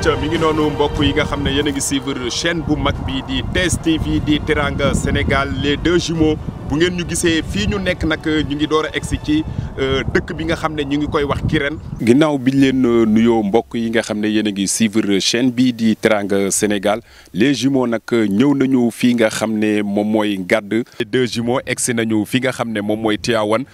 ca mi ngi noonu mbokk yi nga xam ne yéen a ngi suivre chaîne bu mag bi di TS TV di Teranga Sénégal les deux jumeaux bu ngeen ñu gisee fii ñu nekk nag ñu ngi door a ci Euh, dëkk bi nga xam ne ñu ngi koy wax Kirène. ginnaaw bi leen euh, nuyoo mbokk yi nga xam ne yéen a ngi suivre chaîne bii di Teranga Sénégal les jumeaux nag euh, ñëw nañu fii nga xam ne moom mooy Ngàdd. deux jumeaux egsi nañu fi nga xam ne moom mooy Tivaouane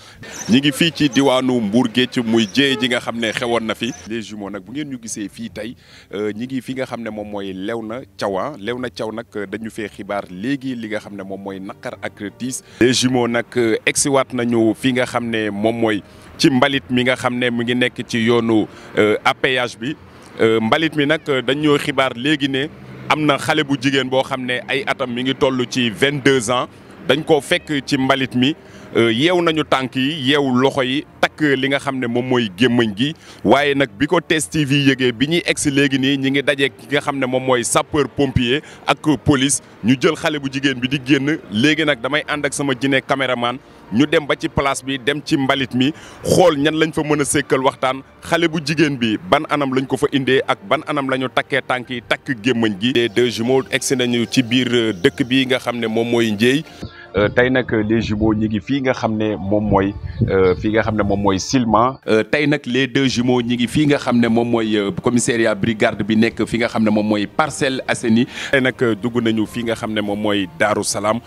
ñi ngi fii ci diwaanu Mbour Géej muy jéey ji nga xam ne xewoon na fi. les jumeaux nag bu ngeen ñu gisee fii tey ñi ngi fi nga xam ne moom mooy lew na Léona lew na caw nag dañu fee xibaar léegi li nga xam ne moom mooy naqar ak tiis. les jumeaux nag egsiwaat nañu fi nga xam ne moom Timbalit ci mbalit mi nga xamné ne mi ngi nek ci yoonu euh, apéage bi euh, mbalit mi nak euh, dañ ñoo xibar légui né amna xalé bu jigen bo xamné ay atam mi ngi tollu ci vingt deux ans dañ ko fekk ci mbalit mi yew nañu tànk yi yeew loxo yi tak li nga xam mom moy mooy gi waye nak biko test TV yëgee bi ex egsi ni ñi ngi dajé nga mom moy sapeur pompier ak police ñu jël xalé bu jigen bi di génn nak damay and ak sama jiné cameraman ñu dem ba ci place bi dem ci mbalit mi xool ñan lañ fa mën a sékkal waxtaan xale bu jigéen bi ban anam lañ ko fa indee ak ban anam la ñu takkee tànk yi takk gémmañ gi de deux jumeaux egsi nañu ci biir euh, dëkk bi nga xam ne moom mooy Ndieye euh, tey nag les jumeaux ñi ngi fii nga xam ne moom mooy euh, fii nga xam ne moom mooy Silma tey nag les deux jumeaux ñi ngi fii nga xam ne moom mooy commissariat brigade bi nekk fi nga xam ne moom mooy Parcelles asseni tey nag dugg nañu fii nga xam ne moom mooy Daaru Salaam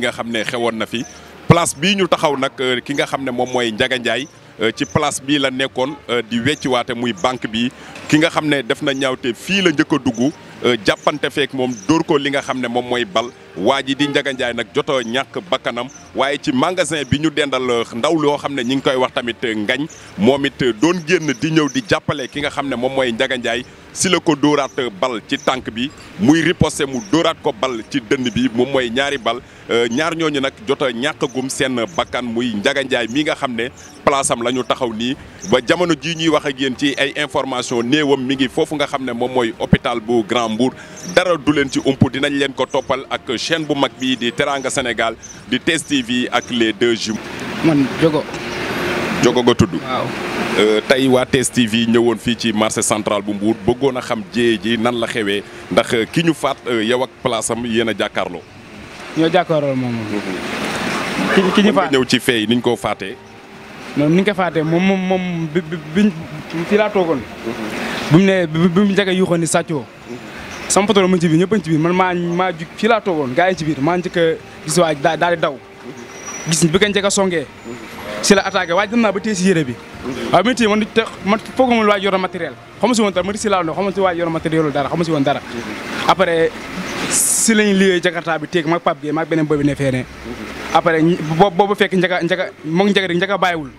yi nga xam ne xewoon na fi place bii ñu taxaw nag euh, ki nga xam ne moom mooy Ndiaga Ndiaye euh, ci place bii la nekkoon euh, di wecciwaate muy banque bi ki nga xam ne def na ñaawte fii la njëkk a dugg Euh, jàppante feek moom dóor ko li nga xam ne moom mooy bal waa ji di Ndiaga Ndiaye nag jotoo ñàkk bakkanam waaye ci magasin bi ñu dendal euh, ndaw loo xam ne ñi ngi koy wax tamit euh, ngañ moom it doon génn di ñëw di jàppale ki nga xam ne moom mooy Ndiaga si la ko dóoraat bal ci tànk bi muy riposté mu dóoraat ko bal ci dënn bi moom mooy ñaari bal ñaar ñooñu nag jot a ñàkkagum seen bakkan muy Ndiaga Ndiaye mi nga xam ne place am la ñu taxaw nii ba jamono jii ñuy wax ak yéen ci ay information néewam mi ngi foofu nga xam ne moom mooy hôpital bu Grand Mbour dara du leen ci ump dinañ leen ko toppal ak chaîne bu mag bii di Teranga Sénégal di TS TV ak les deux jumeaux. man Jogo. Jogo nga tudd. waaw. Euh, tey waa TS TV ñëwoon fii ci marché central bu mbuur bëggoon a xam jéye ji nan la xewee ndax euh, ki ñu faat euh, yow ak place am yéen a jàkkaarloo. ñoo jàkkaarloo moom mhm. ki ñu faat ñëw ci fee ni ko faatee. noonu ni ñu moom moom moom bi bi bi mhm. mu nee bi bi mu njëkk sama patron mu ngi ci biir ñëpp a ngi ci biir man maa maa jug fii gaa yi ci biir maa njëkk a gis waaj daal di daw gis bi ko njëkk a songee si la attaqué waaj dem naa ba téye si yére bi waaw bi ñu téye man te man foog ma waaj yor na matériel xamu si woon dara ma si laa no xamu si waaj yor na matériel dara xamu si woon dara après si lañ liggéey jakarta bi teeg maag Pape Gueye maag beneen boobu ne fee ne après boobu fekk njaka njaka moog njaka rek njaka bàyyiwul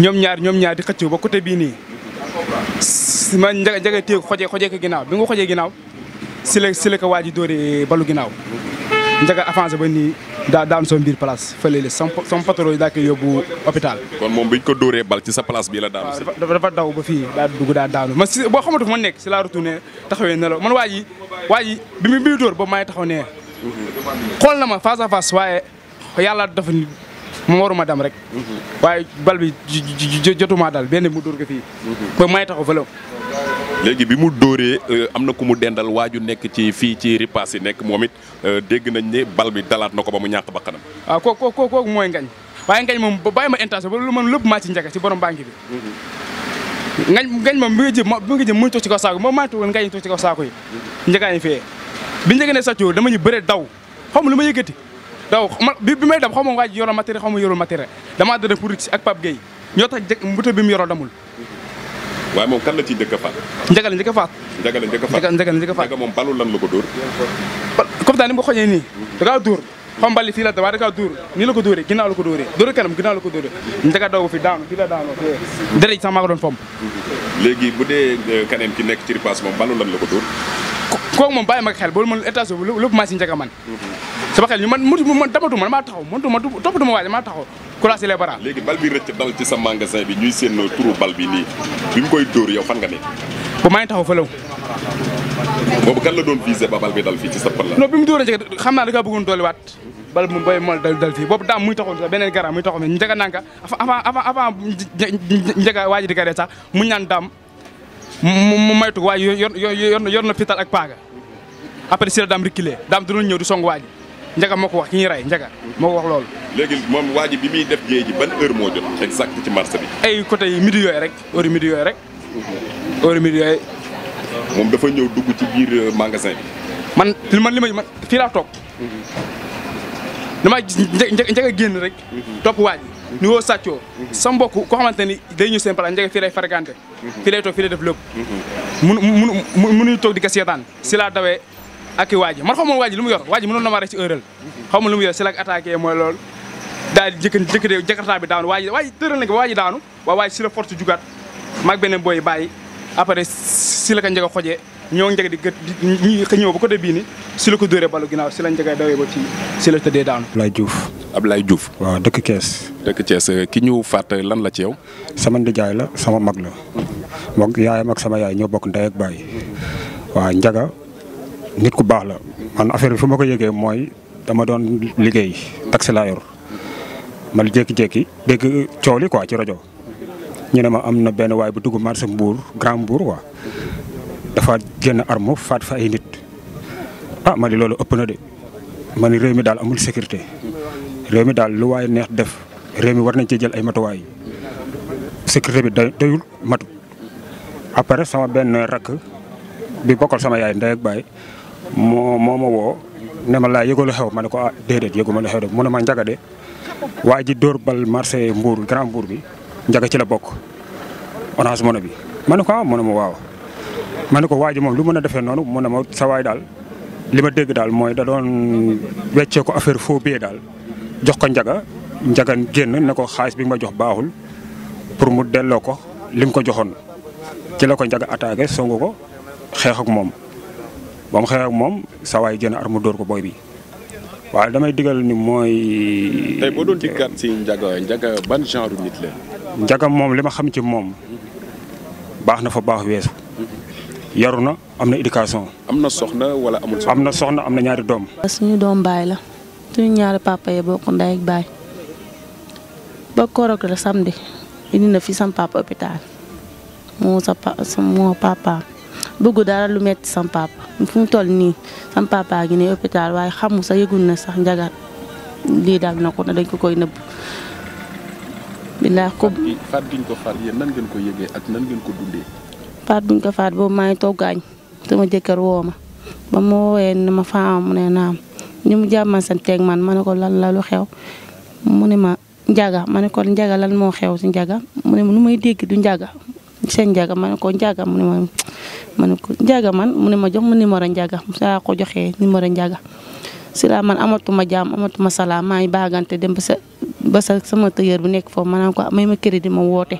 ñoom ñaar ñoom ñaar di xëccoo ba côté bii nii man njaga njaga téye ko xojee xojee ko bi nga xojee ginnaaw si la si la ko waa ji dóoree balu ginnaaw njaga avance ba nii daa daan sama biir place fële la sama sama patron daa koy yóbbu hôpital. kon moom biñ ko dóoree bal ci sa place bii la daanu si. dafa daw ba fii daa dugg daa daanu man si boo xamante fu ma nekk si laa retourné ne man waa ji waa ji bi muy dóor ba maa ngi taxaw nee xool na ma face à face waaye yàlla dafa ni ma waruma dem rek. Mhm. waaye bal bi jotuma dal benn mu dóor ko fii. Mhm. ba may taxaw fële. léegi bi mu dóoree euh, am na ku mu dendal waaju nekk ci fii ci ripaas yi nekk moom it euh, dégg nañ ne bal bi dalaat na ko ba mu ñàkk ba kanam. waaw ah, ko kooku kooku mooy ngañ waaye ngañ moom bàyyi ma intention ba loolu man lépp maa ci njëkk ci borom banque bi. Mm-hmm. ngañ ngañ moom mi ngi jëm mu ngi jëm mu ngi ci kaw saako moom maa ngi toog ngañ ci kaw saako yi. Mm-hmm. njëkkaay yi fee bi dama ñu bëre daw xaw ma ma yëkkati daw bi bi may daw xaw ma waa ji yoroo matériel xaw ma yorul matériel damaa dara pour ak Pape Gueye ñoo tax mbute bi mu yoroo damul waaye moom kan la ciy njëkk a faat. njagale njëkk a faat. njagale a faat njagale a faat njagale moom balu lan la ko dóor. comme daal ni mu ko xombali fii la dawaa da kaa dóor nii la ko dóoree ginnaaw la ko dóoree dóor kanam ginnaaw la ko dóoree ndaka daw fi daanu fii la daanoo sax maa ko léegi bu dee euh, keneen ki nekk ci ripaas moom balu lan la ko dóor kooku moom bàyyi ma xel boolu mën étage bi lépp si njëkk a man sama xel ñu man mu man damatu man maa taxaw mëntu ma toppatu ma waaje maa taxaw croisé les bras léegi bal bi rëcc dal ci sa magasin bi ñuy seen turu bal bi nii bi mu koy dóor yow fan nga ne bu maa ngi boobu kan la doon visé ba bal bi dal fii ci sa la. non bi mu dóoree jege xam naa da ngaa bëggoon dolliwaat bal mu bay mool dal dal fii boobu daam muy taxoon sax beneen garab muy taxoon ne njëga naan ka avant avant avant njëga waa di garee sax mu ñaan daam mu maytu waa ji yor yor yor na fital ak paaga après si la daam reculé daam dinañ ñëw di song waa ji Njaga moo ko wax ki ñuy rey Njaga moo wax loolu. léegi moom waaj bi muy def géej ji ban heure moo jot exact ci marché bi. ay côté yi midi yooyu rek heure midi yooyu rek heure moom dafa ñëw dugg ci biir magasin bi. man li man li may man fii laa toog. damaa gis njëkk a génn rek. topp waaj ñu woo sàccoo. sa mbokk koo xamante ni day ñëw seen palaas njëkk fii lay fargante. fii lay toog fii lay def lépp. munu munu munuñu toog di ko seetaan si laa dawee ak i waaj man xaw waaj lu mu yor waaj mënoon na ma rek ci ma lu mu yor si la attaqué mooy lool daal di jëkk jëkk de jakarta bi daanu waaj waaj tëral na ko waaj daanu waaw waaj si la force jugaat maag beneen booy bàyyi. après si la ko njëga xojee ñoo njëg di gët ñi ñëw ba côté bii ni si la ko dóoree balu ginnaaw si la njëga dawee ba fii si la tëddee daanu. Ablaye Diouf. Ablaye Diouf. waaw dëkk Thiès. dëkk Thiès ki ñu fàtt lan la ci yow. sama ndijaay la sama mag la. moom yaayam ak sama yaay ñoo bokk ndey ak baay. waaw njaga nit ku baax la. man affaire bi fu ma ko yëgee mooy dama doon liggéey taxi laa yor man jékki-jékki dégg coow li quoi ci rajo. ñu ne ma am na benn waay bu dugg marché Mbour Grand Mbour quoi dafa génn arme faat fa ay nit ah ma ni loolu ëpp na de ma réew mi daal amul sécurité réew mi daal lu waaye neex def réew mi war nañ ci jël ay matuwaay sécurité matu après benn rakk bi bokkal sama yaay ndey baay moo moo ma woo ne ma laa yëgoo lu xew ma ne ko ah déedéet yëgu ma lu xew de mu ne ma njaga de waa ji dóor bal marché Mbour Grand Mbour bi njaga ci la bok orange mono bi man ko mo mo waaw man ko mom lu meuna defé nonu mo na sa way dal lima dégg dal moy da don wéccé ko affaire fo dal jox ko njaga njaga genn nako xaliss bi ma jox baaxul pour mu dello ko lim ko joxone ci la ko njaga attaqué songo ko xex ak mom bam xex ak mom sa way genn armu dor ko boy bi waaw damay digal ni moy tay bo doon ci njaga njaga ban genre nit la njagam moom li xam ci moom baax na fa baax weesu yaru na am na éducation. am na soxna wala amul am na soxna am na ñaari doom. suñu doom baay la suñu ñaari papa yi bokk ndey ak baay ko korok la samedi indi na fi sam papa hôpital moo sa pa moo papa bëggu dara lu metti sam papa fu mu toll nii sam papa gi ne hôpital waaye xamu sa yëgul na sax njagat lii daal na ko dañ koy nëbb. bilaa ko faat gi ñu bi ñu ko faat boobu maa ngi toggaañ sama jëkkër woo ma ba ma woowee ne ma faama mu ne naam ni mu jàmmansanteeg man ma ne ko lan la xew mu ne ma njaga ma ne ko lan moo xew si njaga mu ne may dégg du njaga seen njaga ma ne ko mu ma ma ne man mu ne ma jox ma numéro njaga saa ko joxee numéro njaga sila laa man amatuma jam amatuma salaam maa ngi baagante dem ba sa ba sa sama teyer bu nek fo manam ko may ma crédit ma wote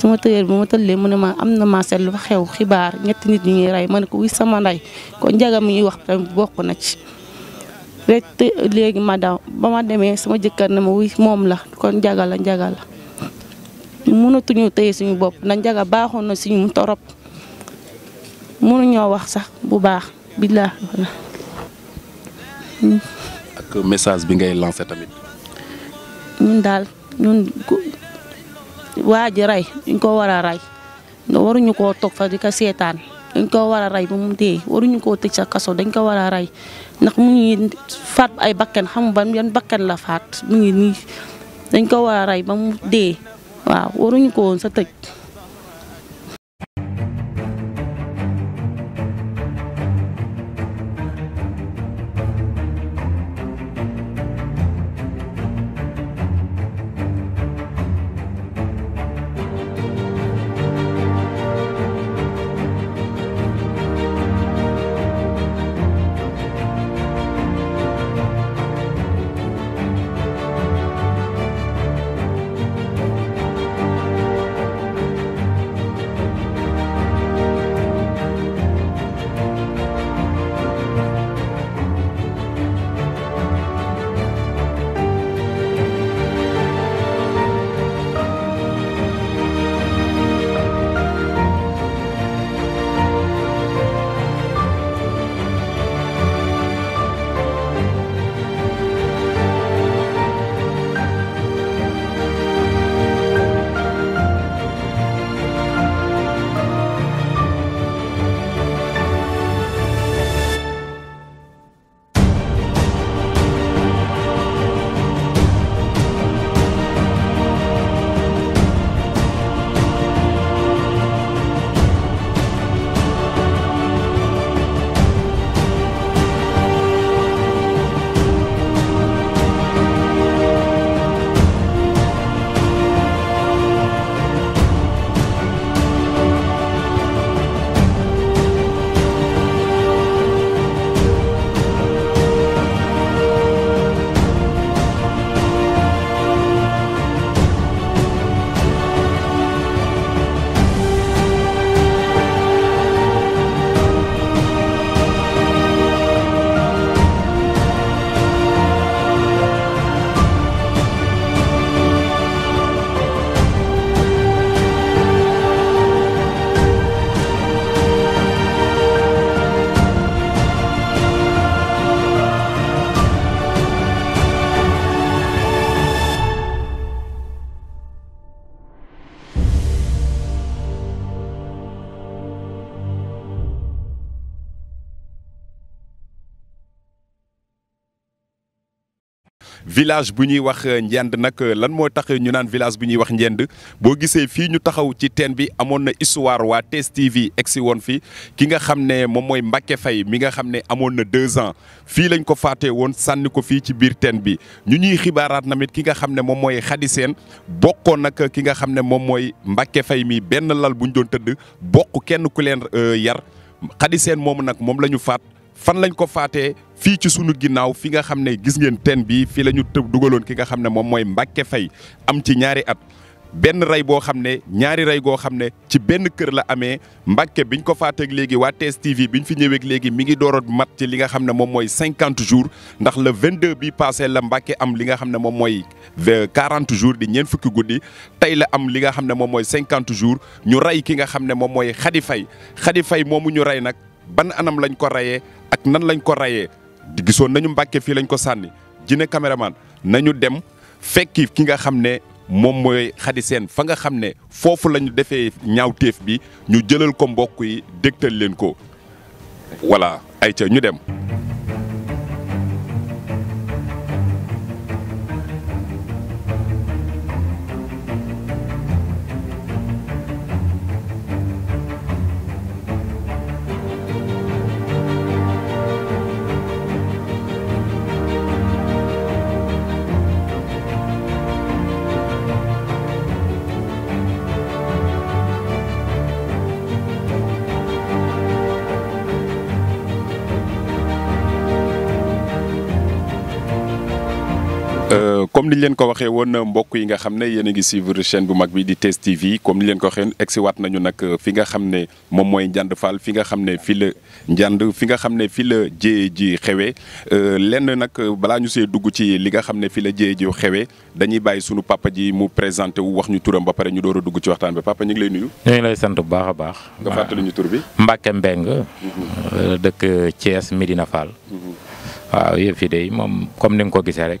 sama teyer bu ma tele mo ne ma amna ma sel wax xew xibar ñetti nit ñi ngi ray ma ko wi sama nday ko njaga mi wax tam bokku na ci rek te ma daw ba ma demee sama jëkkar na ma wi mom la kon njaga la njaga la ñu téye suñu bop na njaga baaxoon suñu torop torop ñoo wax sax bu baax billah ak message bi ngay lancé tamit. ñun daal ñun waa ji rey dañ ko war a rey waruñu koo toog fa di ko seetaan dañ ko war a rey ba mu dee waruñu koo tëj sa kaso dañ ko war a rey ndax mu ngi faat ay bakkan xam ban yan bakkan la faat mu ngi nii dañ ko war a rey ba mu dee waaw waruñu ko woon sa tëj. village buñuy wax euh, Ndiend nak euh, lan moy tax ñu naan village buñuy wax ñend bo gisé fi ñu taxaw ci ten bi amoon na histoire wa test TV egsi won fi ki nga xam mom moy mbacké fay mi nga xam ne amoon na deux ans fi lañ ko faté won sanni ko fi ci biir ten bi ñu ñuy xibaaraat namit ki nga xam mom moy mooy bokko nak ki nga xam mom moy mbacké fay mi ben lal buñ doon teud bokku kenn ku len euh, yar Khady mom nak mom lañu faté fan lañ ko faatee fii ci sunu ginnaaw fi nga xam ne gis ngeen teen bi fii la ñu tëb dugaloon ki nga xam ne moom mooy Mbacke am ci ñaari at benn rey boo xam ne ñaari rey goo xam ne ci benn kër la amee Mbacke biñ ko faateeg léegi waa TSTV biñ fi ñëweeg léegi mi ngi dooroon mat ci li nga xam ne moom mooy jours ndax le 22 bi passé la Mbacke am li nga xam ne moom mooy quarante jours di ñeent fukki guddi tey la am li nga xam ne moom mooy cinquante jours ñu rey ki nga xam ne moom mooy Khady Faye Khady Faye ñu rey nag. ban anam lañ ko rayee ak nan lañ ko rayee gisoon nañu mbakke fii lañ ko sànni Jine caméraman nañu dem fekki ki nga xam ne moom mooy Xadi Seen fa nga xam ne foofu la ñu defee ñaawteef bi ñu jëlal ko mbokk yi dégtal leen ko voilà ayca ñu dem. comme niñ leen ko waxee woon mbokk yi nga xamné ne yéen a ngi suivre chaîne bu mag bi di test TV comme niñ leen ko xéne egsi wat nañu nak euh, fi nga xamné mom moy Ndiand Fall fi nga xamné fi le Ndiand fi nga xamné ne fi la jéye xewé euh lenn nak euh, bala ñu sé dugg ci li nga xamné fi le jéye ji xewee dañuy bàyyi suñu papa ji mu présenté wu wax ñu touram ba paré ñu door dugg ci waxtaan bi papa ñu ngi lay nuyu. ñu ngi lay sant bu baaxa baax. nga fàttali ñu tour bi. Mbacke Mbeng mhm. euh, dëkk Thiès Medina Fall. Mhm. waaw yëf yi de mom comme niñ ko gisé rek.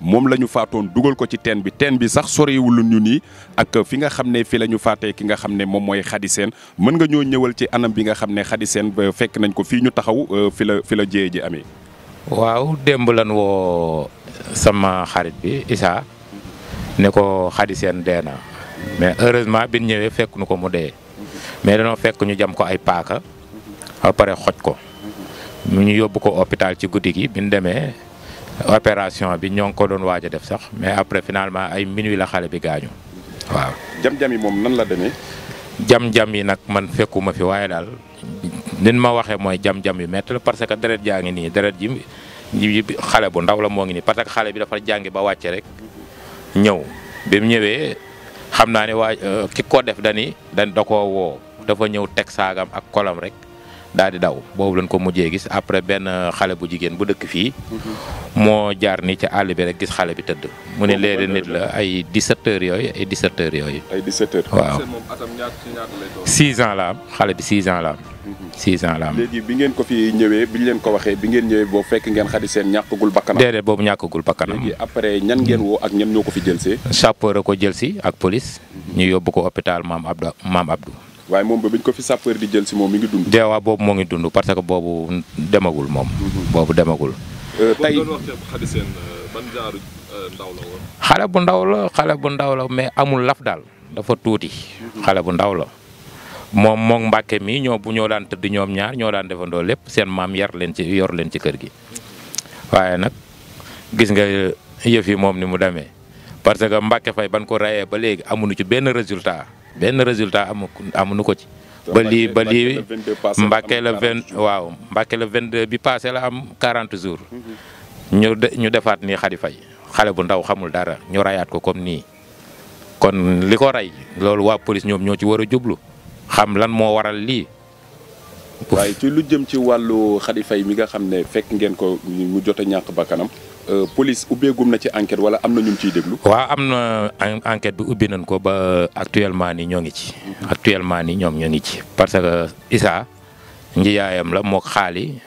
moom la ñu faatoon dugal ko ci teen bi teen bi sax lu ñu nii ak fi nga xam ne fi la ñu faatee ki nga xam ne moom mooy Khady Sène mën nga ñoo ñëwal ci anam bi nga xam ne Khady Sène euh, fekk nañ ko fii ñu taxaw euh, fi la fi la jéye ji amee. waaw démb lan woo sama xarit bi Issa ne ko Khady Sène dee mais heureusement bi ñëwee fekk nu ko mu dee mais danoo fekk ñu jam ko ay paaka ba pare xoj ko mu ñu yóbbu ko hôpital ci guddi gi bi demee. opération bi ñoo ngi ko doon waaj a def sax mais après finalement ay minuit la xale bi gaañu waaw. jam-jam moom nan la demee. jam-jam yi nag man fekkuma fi waaye daal nin ma waxee mooy jam-jam yu métti la parce que deret jaa ngi nii deret ji ji xale bu ndaw la moo ngi nii parce que xale bi dafa jàngi ba wàcce rek ñëw bi ñëwee xam naa ne waa euh, ki ko def dani dañ da koo woo dafa ñëw teg saagam ak kolam rek. daal di daw boobu leen ko mujjee gis après benn xale bu jigéen bu dëkk fii. moo jaar ni ci àll bi rek gis xale bi tëdd. mu ne léeg nit la ay 17 heures yooyu ay 17 yooyu. ay 17 heures waaw. six ans la am xale bi six ans la am. Mhm. six ans la bi ngeen ko fi ñëwee bi ñu leen ko waxee bi ngeen ñëwee boobu fekk ngeen xadi seen ñàkkagul bakkanam. déedéet boobu ñàkkagul bakkanam. léegi après ñan ngeen woo ak ñan ñoo ko fi jël si. sapeur ko jël si ak police. Mhm. ñu yóbbu ko hôpital maam Abdou maam Abdou. waaye moom ba biñ ko fi sapeur di jël si moom mi ngi dund. deewaa boobu moo ngi dund parce que boobu demagul moom. Mm-hmm. boobu demagul. Euh, tey euh, ban euh, xale bu ndaw la xale bu ndaw la mais amul laf daal dafa tuuti. Mm-hmm. xale bu ndaw la. moom moog Mbàkke mi ñoo bu ñoo daan tëdd ñoom ñaar ñoo daan defandoo lépp seen maam yar leen ci yor leen ci kër gi mm-hmm. waaye nag gis nga yëf yi moom ni mu demee parce que Mbàkke Fay ban ko rayee ba léegi amuñu ci benn résultat. benn résultat amu amuñu ko ci. ba lii ba lii vingt waaw Mbàkke vingt deux bi passé la am quarante jours. Mhm. ñu de ñu defaat ni xadi fay xale bu ndaw xamul dara ñu rayaat ko comme nii kon li ko rey loolu waa police ñoom ñoo ci war a jublu xam lan moo waral lii. waaye ci lu jëm ci wàllu xadi fay mi nga xam ne fekk ngeen ko mu jot a ñàkk bakkanam Euh, police ubbeegum na ci enquête wala am na ñu ciy déglu. waaw am na enquête bi ubbi nañ ko ba actuellement nii ñoo ngi ci. actuellement ni ñoom ñoo ngi ci parce que Issa nji la mook xaali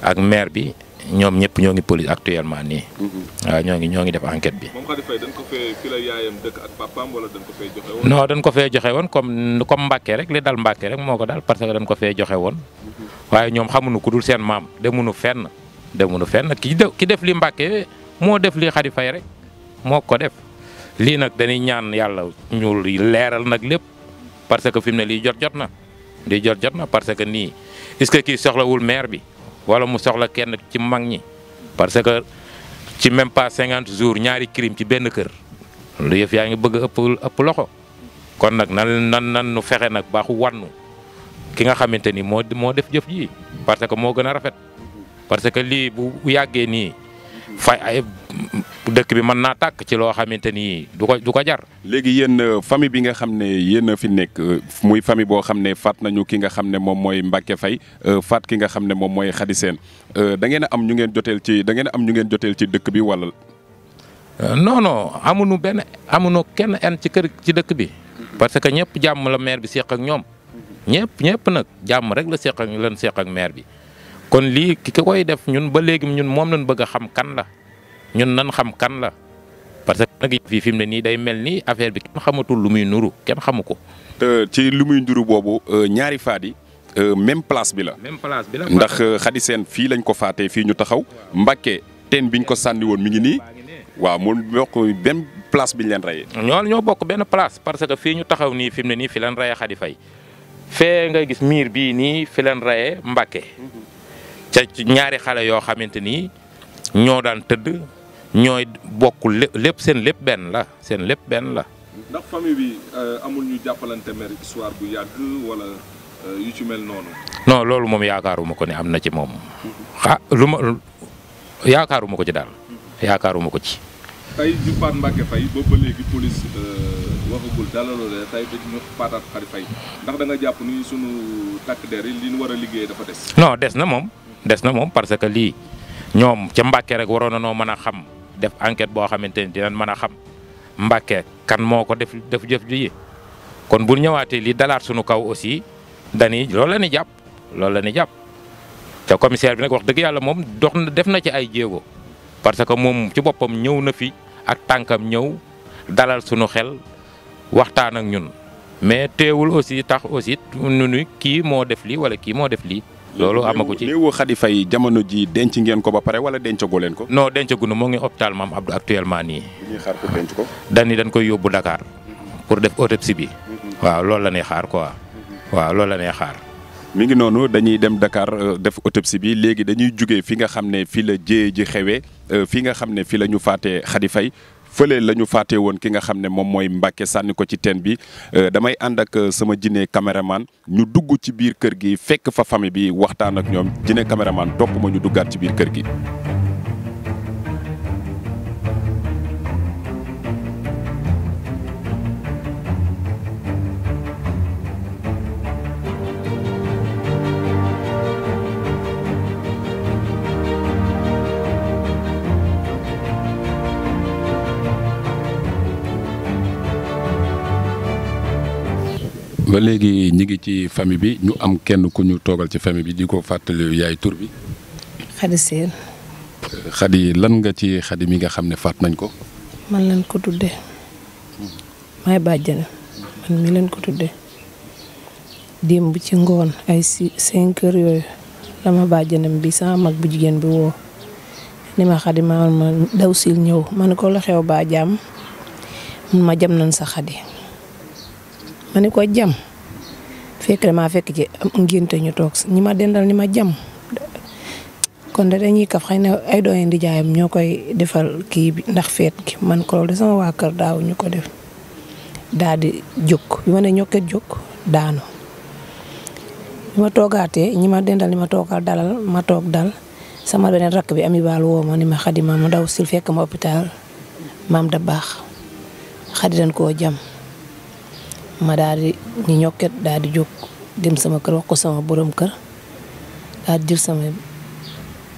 ak maire bi ñoom ñëpp ñoo ngi police actuellement nii. Mm-hmm. waaw ñoo ngi ñoo ngi def enquête bi. moom Khady ko fee joxe woon. non dañ ko fee joxe woon comme comme Mbàkke rek li dal Mbàkke rek moo ko dal parce que dañ ko fee joxe woon mm-hmm. waaye ñoom xamuñu ku dul seen maam demuñu fenn. demunu fenn ki def ki def li mbacke mo def li khalifa yi rek moko def li nak dañuy ñaan yàlla ñu leeral nak lepp parce que fimne li ne jot jotna di jot jotna parce que ni est-ce que kii soxlawul maire bi wala mu soxla kenn ci mag ñi parce que ci même pas 50 jours ñaari crime ci benn kër lu yef yaangi bëgg ëpp ëpp loxo kon nak nan nan nan nu fexé nak baxu wannu ki nga xamanteni mo mo def jëf ji parce que mo gëna rafet parce que lii bu yàggee nii fay ay dëkk bi mën naa tàkk ci loo xamante ni du ko du ko jar. léegi yéen euh, famille bi nga xam ne yéen a fi nekk euh, muy famille boo xam ne faat nañu ki nga xam ne moom mooy Mbacke Faye euh, faat ki nga xam ne moom mooy Khady Sène da am ñu ngeen joteel ci da ngeen am ñu ngeen joteel ci dëkk bi wala. non non amuñu benn amuñu kenn en ci kër ci dëkk bi. parce que ñëpp jàmm la maire bi seq ak ñoom. ñëpp ñëpp nag jàmm rek la seq ak lan seq ak maire bi. kon lii ki koy def ñun ba léegi ñun moom lañ bëgg a xam kan la ñun nan xam kan la parce que nag fii fi mu ne nii day mel ni affaire bi xamatul lu muy nuru kenn xamu ko. ci lu muy nuru boobu euh, ñaari faat yi euh, même place bi la. même place bi ndax euh, Khady Sène fii lañ ko faatee fii ñu taxaw. Mbacké teen biñ ko sànni woon mi ngi nii. waaw mu bokk benn place biñ leen reyee. ñoo ñoo bokk benn place parce que fii ñu taxaw nii fi ne nii fi leen reyee Khady Faye fee ngay gis miir bii nii fi leen reyee Mbacké. Mm-hmm. ca ñaari xale yoo xamante ni ñoo daan tëdd ñooy bokk lépp seen lépp benn la seen lépp benn la. ndax famille bi euh, amul ñu jàppalante mer histoire bu yàgg walla euh, yu ci mel noonu. no loolu moom yaakaaruma ko ni am na ci moom. xa lu ma yaakaaruma ko ci daal. yaakaaruma ko ci. tey ju Paate Mbacke Faye boobu léegi police euh, waxagul dara loolee tey dañu paataat xari Faye ndax da jàpp ni sunu takk der yi li ñu war liggéey dafa des. non des na moom. des na mom parce que li ñom ci mbacké rek mëna xam def enquête bo xamanteni dina mëna xam mbacké kan moko ko def def jëf ji kon bu ñëwaaté li dalaat suñu kaw aussi dañuy loolu la ñuy jàpp loolu la ñuy jàpp commissaire bi nak wax dëgg yalla mom dox na def na ci ay djégo parce que mom ci bopam ñëw na fi ak tankam ñëw dalal suñu xel waxtaan ak ñun mais teewul aussi tax aussi nu ki mo def li wala ki mo def li loolu amagu ci léewu Khady fay jamono ji denc ngeen ko ba pare wala dencagoo leen ko. non dencagunu moo ngi hôpital maam Abdou actuellement nii. ñuy xaar pour ko. dañ dañ koy yóbbu Dakar pour def autopsie bi. Mhm. waaw loolu la ñuy xaar ko mhm. waaw loolu la ñuy xaar. mu ngi noonu dañuy dem Dakar euh, def autopsie bi léegi dañuy jugee fi nga xam ne fi la jéye ji xewee euh, fi nga xam ne fi la ñu faatee Khady Faye fële la ñu fàtte woon ki nga xam ne moom mooy Mbacke sànni ko ci teen bi euh, damay ànd ak euh, sama jinne caméraman ñu dugg ci biir kër gi fekk fa famille bi waxtaan ak ñoom jinne caméraman topp ma ñu duggaat ci biir kër gi. ba léegi ñi ngi ci famille bi ñu am kenn ku ñu toogal ci famille bi di ko fàttali yaay tur bi. Khady Sène. Khady lan nga ci Khady mi nga xam ne faat nañ ko. man lañ ko tuddee. maay bàjjana man leen ko tuddee. démb ci ngoon ay si cinq heures yooyu la ma bàjjanam bi sama mag bu jigéen bi woo. ni ma Khady ma ma daw sil ñëw man ko la xew ba jàmm ma jam nañ sa Khady. ma ni ko jam fekk damaa fekk ci am ngénte ñu toog ñi ma dendal ni ma jam kon de dañuy ka xëy na ay doyen di jaayam ñoo koy defal kii bi ndax feet ki man ko loolu sama waa kër daaw ñu ko def daal di jóg bi ma ne ñokket jóg daanu bi ma toogaatee ñi ma dendal ni ma toogal dalal ma toog dal sama beneen rakk bi ami baal woo ma ni ma xadima mu daw si fekk ma hopital maam da baax xadi dañ koo jam ma daal di ñu ñokket daal di jóg dem sama kër wax ko sama borom kër daal di jël sama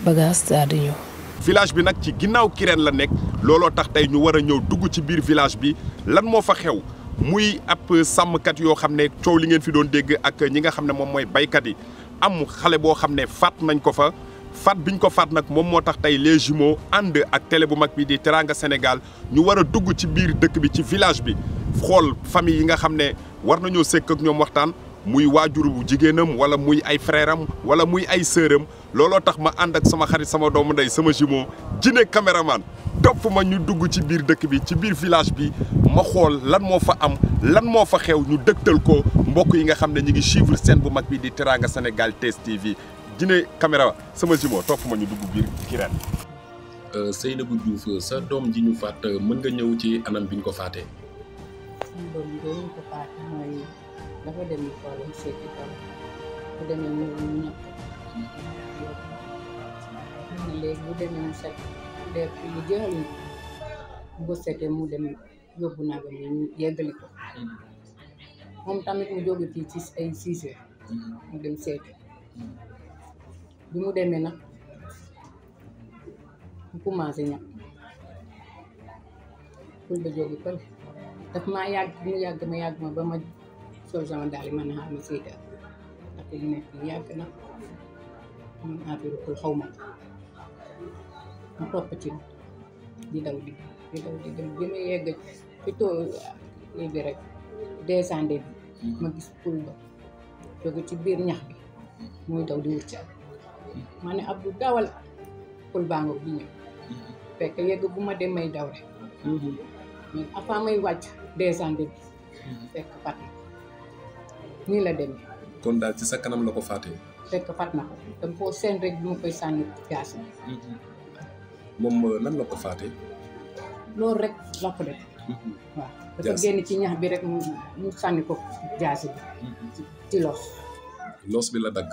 bagage ñëw. village bi nag ci ginnaaw Kirène la nekk looloo tax tey ñu war a ñëw dugg ci biir village bi lan moo fa xew muy ab sàmmkat yoo xam ne coow li ngeen fi doon dégg ak ñi nga xam ne moom mooy baykat yi am xale boo xam ne faat nañ ko fa. faat biñ ko faat nag moom moo tax tey les jumeaux ànd ak télé bu mag bi di Teranga Sénégal ñu war a dugg ci biir dëkk bi ci village bi xool famille yi nga xam ne war nañoo sekk ak ñoom waxtaan muy waajur bu jigéenam wala muy ay frère am wala muy ay sœur am looloo tax ma ànd ak sama xarit sama doomu ndey sama jumeau Djiné caméraman topp ma ñu dugg ci biir dëkk bi ci biir village bi ma xool lan moo fa am lan moo fa xew ñu dëgtal ko mbokk yi nga xam ne ñu ngi suivre seen bu mag bi di Teranga Sénégal TS TV jine caméra sama jumeau topp ma ñu dugg biir Kirène. Euh, Seynabou Diouf sa doom ji ñu faat euh, mën nga ñëw ci anam bi ñu ko faatee. suñu doom bi ñu ko faat léegi bu demee mu set lépp lu mu dem yóbbu naa ko ñu mm-hmm. ko moom tamit mu jóge fii ci ay six mm-hmm. mu dem seeti. Mm-hmm. bi mu demee nag mu commencé ñak pour ba jogi pare daf ma yag mu yag ma yag ma ba ma sol sama daal man ha ma siy ak li nekk nii yag na man affaire bi xaw ci di daw di di daw di dem bi yegg ci to lii rek descendre ma gis poul ba jóge ci bir ñax bi daw di wut ci ma ne Abdou dawal pul bàngo bi ñëw fekk yegg bu ma demay daw rek mais avant may wàcc descendre bi fekk fat na nii la demee kon daal ci sa kanam la ko faatee fekk fat na ko dama koo seen rek bi ma koy sànni gaas bi moom euh, la ko faatee loolu rek la ko def waaw dafa génn ci ñax bi rek mu sànni ko jaasi bi mm-hmm. ci loos loos bi la dagg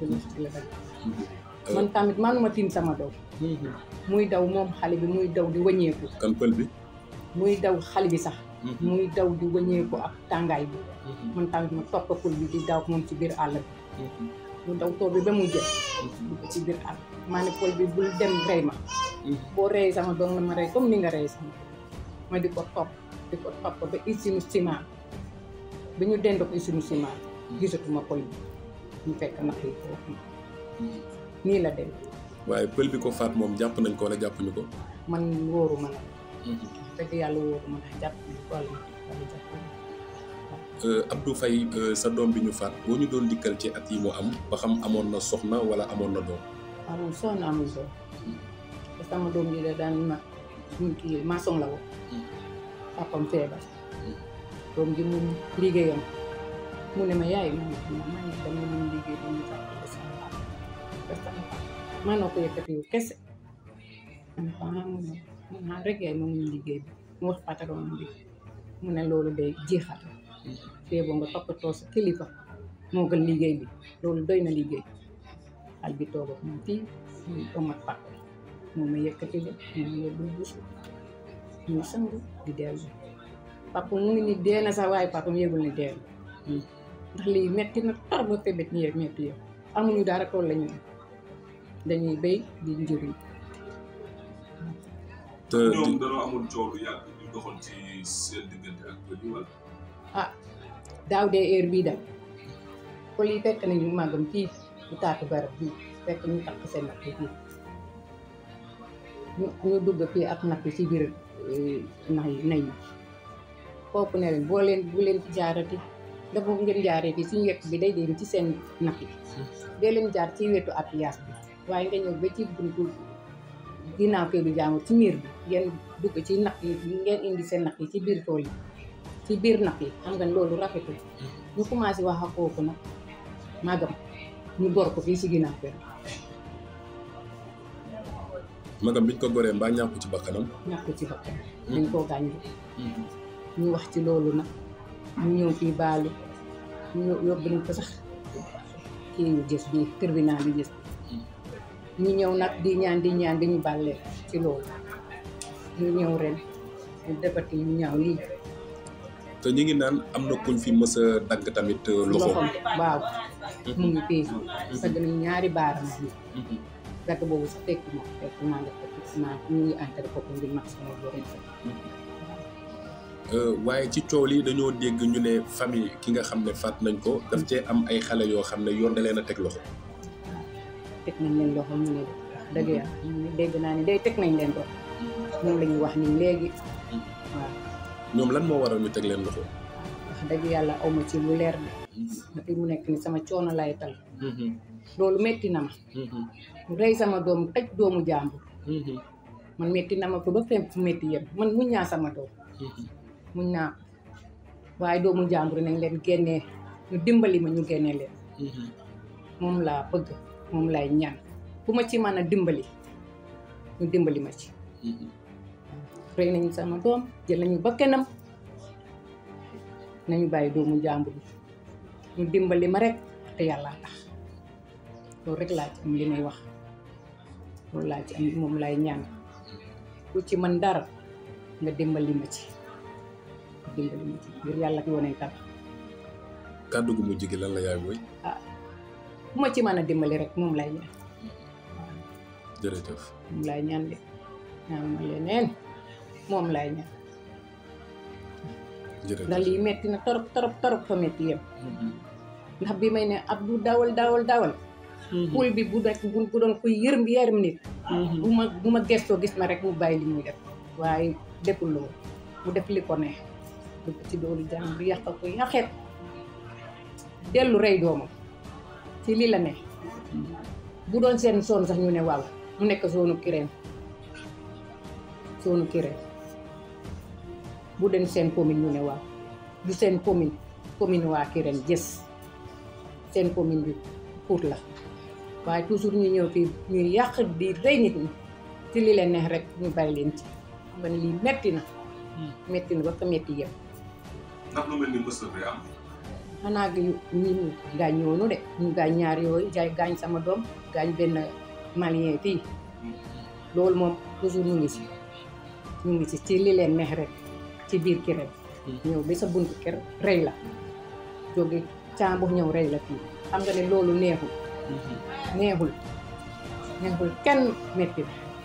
te muskil la man tamit manuma tim sama daw mm-hmm. muy daw moom xale bi muy daw di wàññeeku kan pël bi muy daw xale bi sax mm-hmm. muy daw di wàññeeku ak tàngaay bi mm-hmm. man tamit ma topp pël bi di daw moom ci biir àll bi mu daw toog bi ba mu jël ci biir àll maa ne bi bul dem rey ma boo rey sama doom na ma rey comme ni nga rey sama ma di ko topp di ko topp ba isinu ciment bi ñu isinu ciment gisatuma pël bi ñu fekk ma ay foofu nii la dem waaye pël bi ko faat moom jàpp nañ ko wala jàppuñu ko man wóoru ma nag mhm. yàlla wóoru ma jàpp nañ ko euh, euh, sa doom bi ñu faat boo doon dikkal ci at yi mu am ba xam amoon na soxna wala amoon na doom amul soxna amul doom te mhm. sama doom bi la woon mhm. papam feebar doom ji moom liggéeyam mu ne ma yaay ma ma dama mën liggéey bu ñu ma ci sama papa parce que ma ma ko yëkkati wu kese man ko ah mu ne man ah rek yaay ma ma liggéey bi mu wax patron bi mu ne loolu day jeexal fee boo nga toppatoo sa kilifa moo gën liggéey bi loolu doy na liggéey xal bi toog ak moom fii muy omat papa moom ma yëkkati la moom yóbbu busu ñu sangu di dellu papa mu ngi ni dee na sax waaye papa mu yëgul ni dee na hmm ndax lii metti na tar ba te metti metti yow amuñu dara tool la ñuy dañuy béy di njëriñ. te ñoom dañoo amul coow lu yàgg ñu ci seen diggante ak wala. ah daaw dee heure bii daal pël yi fekk nañu màggam fii bu taatu garab bii fekk ñu takk seen nag yi fii ñu ñu dugg fii ak nag biir eh, nax yi ne leen boo leen bu leen ci jaarati dafa ngeen jaaree fi suñu yekk bi day dem ci seen naq bi dee leen jaar ci wetu apias bi waaye nga ñëw ba ci buntu ginnaaw këru jaamu ci miir bi ngeen dugg ci nax yi ngeen indi seen nax yi ci biir tool yi ci biir nax yi xam nga loolu rafetul ñu commencé wax ak kooku nag magam ñu gor ko fii si ginnaaw kër magam biñ ko goree mbaa ñàkku ci bakkanam ñàkku ci bakkanam hmm. dañ koo gàññi hmm. ñu wax ci loolu nag ñu ñëw fii baalu ñu yóbbu sax kii yu gis bi tribunal yu gis ñu ñëw nag di ñaan di ñaan di dañu bale ci loolu ñu ñëw ren ñu defati ñu ñaaw lii te ñu ngi naan am na kuñ fi mës a dagg tamit euh, loxo waaw mhm. mu ngi fii dagg mhm. nañ ñaari baaram bi mhm. dagg boobu sax fekk ma fekk naa def ñu ngi entré ko ngir Euh, waaye ci coow lii dañoo dégg ñu ne famille ki nga xam ne faat nañ ko daf cee am ay xale yoo xam ne yoon da leen a teg loxo. Ah, teg nañ leen loxo ne dëgg mhm. yàlla dégg naa ne day teg nañ leen ko moom lañuy wax nii léegi mhm. waaw. ñoom lan moo waral ñu teg leen loxo. wax dëgg yàlla aw ma ci lu leer bi mhm. mu nekk ni sama coono lay tal. loolu metti na ma. rey sama doom taj doomu jàmbur. man metti na ma ko ba fépp fu metti yëpp man muñ naa sama doom. muñ naa waaye doomu jàmbur nañ len genné ñu dimbali ma ñu génnee leen mom la bëgg mom lay ñaan bu ma ci mëna dimbali ñu dimbali ma ci rek nañu sama doom jël nañu bakkanam nañu bàyyi doomu jàmbur ñu dimbali ma rek te yalla tax loolu rek la ci li may wax la ci mom lay ñaan ku ci man dara nga dimbali ma ci dimbali ma ci ngir yàlla ak yonentam ah, ci mën a dimbali rek moom lay ñaan moom lay ñaan ndax lii metti na torop torop torop fa metti yem mm-hmm. ndax bi may ne ab dawal dawal dawal mm-hmm. poul bi bu dek bu doon koy yërëm yërëm nit mm-hmm. bu ma bu ma gis ma rek mu bàyyi li muy def waaye deful loolu mu def li ko neex dugg ci doolu jaam bi yàq ko yaxet dellu rey doomam ci lii la ne bu doon seen zone sax ñu ne wàll mu nekk zone Ukraine zone Ukraine bu den seen commune ñu ne waaw du seen commune commune waa Kirène Diès seen commune bi Pout la waaye toujours ñu ñëw fii ñuy yàq di rey nit ñi ci li leen neex rek ñu bàyyi leen ci xam ne lii metti na hmm. metti na ba fa metti yëpp ndax gi ñi mu de ñu gaañ jaay gaañ sama doom gaañ benn malien fii mm-hmm. loolu moom toujours ñu ngi si ñu ngi si ci li leen neex ci biir këram. Mm-hmm. ñëw ba sa buntu kër rey la jóge càmbu ñëw rey la fii xam nga ne loolu neexul. Mm-hmm. neexul neexul kenn métti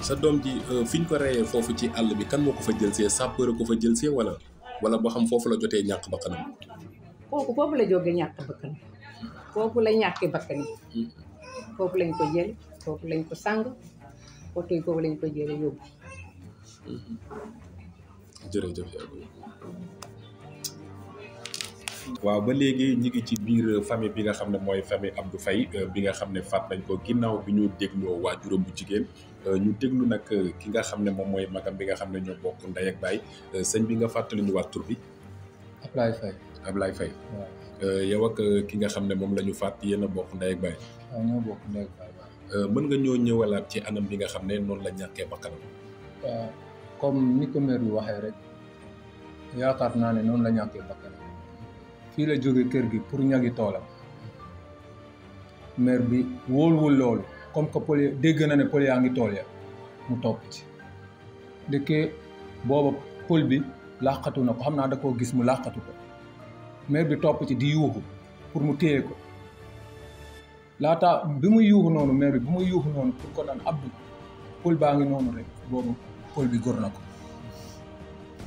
sa doom ji euh, fi ko reyee foofu ci àll bi kan moo ko fa jël see sapeur ko fa jël see wala. wala boo xam foofu la jotee ñàkk bakkanam kooku foofu la jógee ñàkk bakkan foofu la ñàkkee bakkan yi lañ ko jël foofu lañ ko sàng oto yi foofu lañ ko jële yóbbu mm-hmm. waaw ba léegi ñi ngi ci biir famille bi nga xam ne mooy am Abdou fay bi nga xam ne faat nañ ko ginnaaw bi ñu dégloo waajuram bu jigéen Euh, ñu déglu nag euh, ki nga xam ne moom mooy magam bi nga xam ne ñoo bokk ndey ak baay euh, sëñ bi nga fàttali ñu waat tur bi. Ablaye Faye. Ablaye Faye. waaw yow ak ki nga xam ne moom la fàtt yéen a bokk ndey ak baay. bokk mën nga ñoo ñëwalaat ci anam bi nga xam ne noonu la ñàkkee bakkanam. waaw ni ko maire bi waxee rek yaakaar naa ne noonu la ñàkkee bakkanam fii la jóge kër gi pour ñagi toolam maire bi wóoluwul loolu. comme que pël dégg na ne pël yaa ngi tool ya mu topp ci ndeke booba pël bi làqatu na ko xam naa da koo gis mu làqatu ko maire bi topp ci di yuuxu pour mu téye ko laata bi muy yuuxu noonu maire bi bi muy yuuxu noonu pour ko naan abdu pël baa ngi noonu rek boobu pël bi góor na ko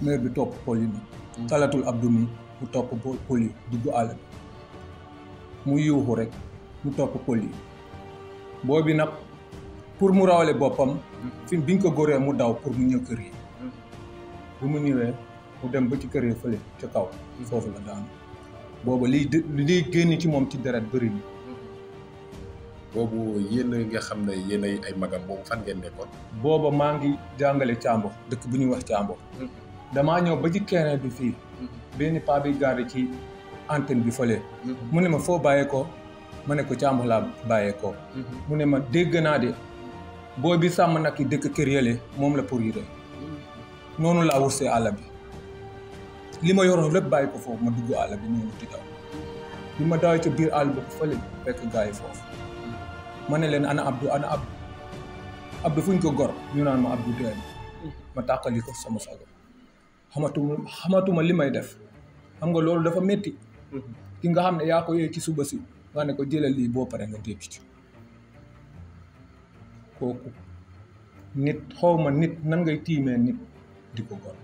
maire bi topp pël yi nii talatul abdu mi mu topp pël yi dugg àll mu yuuxu rek mu topp pël yi boobi nag pour mu rawale boppam fi biñ ko góoree mu daw pour mu ñëw kër yi bu mu ñëwee mu dem ba ci kër yi fële kaw foofu la daanu boobu liy d ci moom ci deret bëri na boobu yéen nga xam ne yéen ay magam boobu fan ngeen nekkoon booba maa ngi jàngale Thiambo dëkk bu ñuy wax Thiambo damaa ñëw ba ci terrain bi fii mhm. benn paa bi garde ci antene bi fële mhm. mu ne ma foo bàyyee ko ma ne ko càmb laa bàyyeekoo. mu ne ma dégg naa de booy bi sàmm nag yi dëkk kër yële moom la pour yire noonu laa wursee àlla bi li ma yoroon lépp bàyyi ko foofu ma dugg àll bi noonu di daw ca biir àll ba foofu ma ne leen ana Abdou ana Abdou fu ñu ko gor ñu naan ma Abdou dee ma tàqali ko sama sago xamatuma xamatuma li may def xam nga loolu dafa métti mm-hmm. ki nga xam ne yaa ko yee ci suba si ma ne ko jëlal lii boo paree nga dégg ci kooku nit xaw ma nit nan ngay tiimee nit di ko gor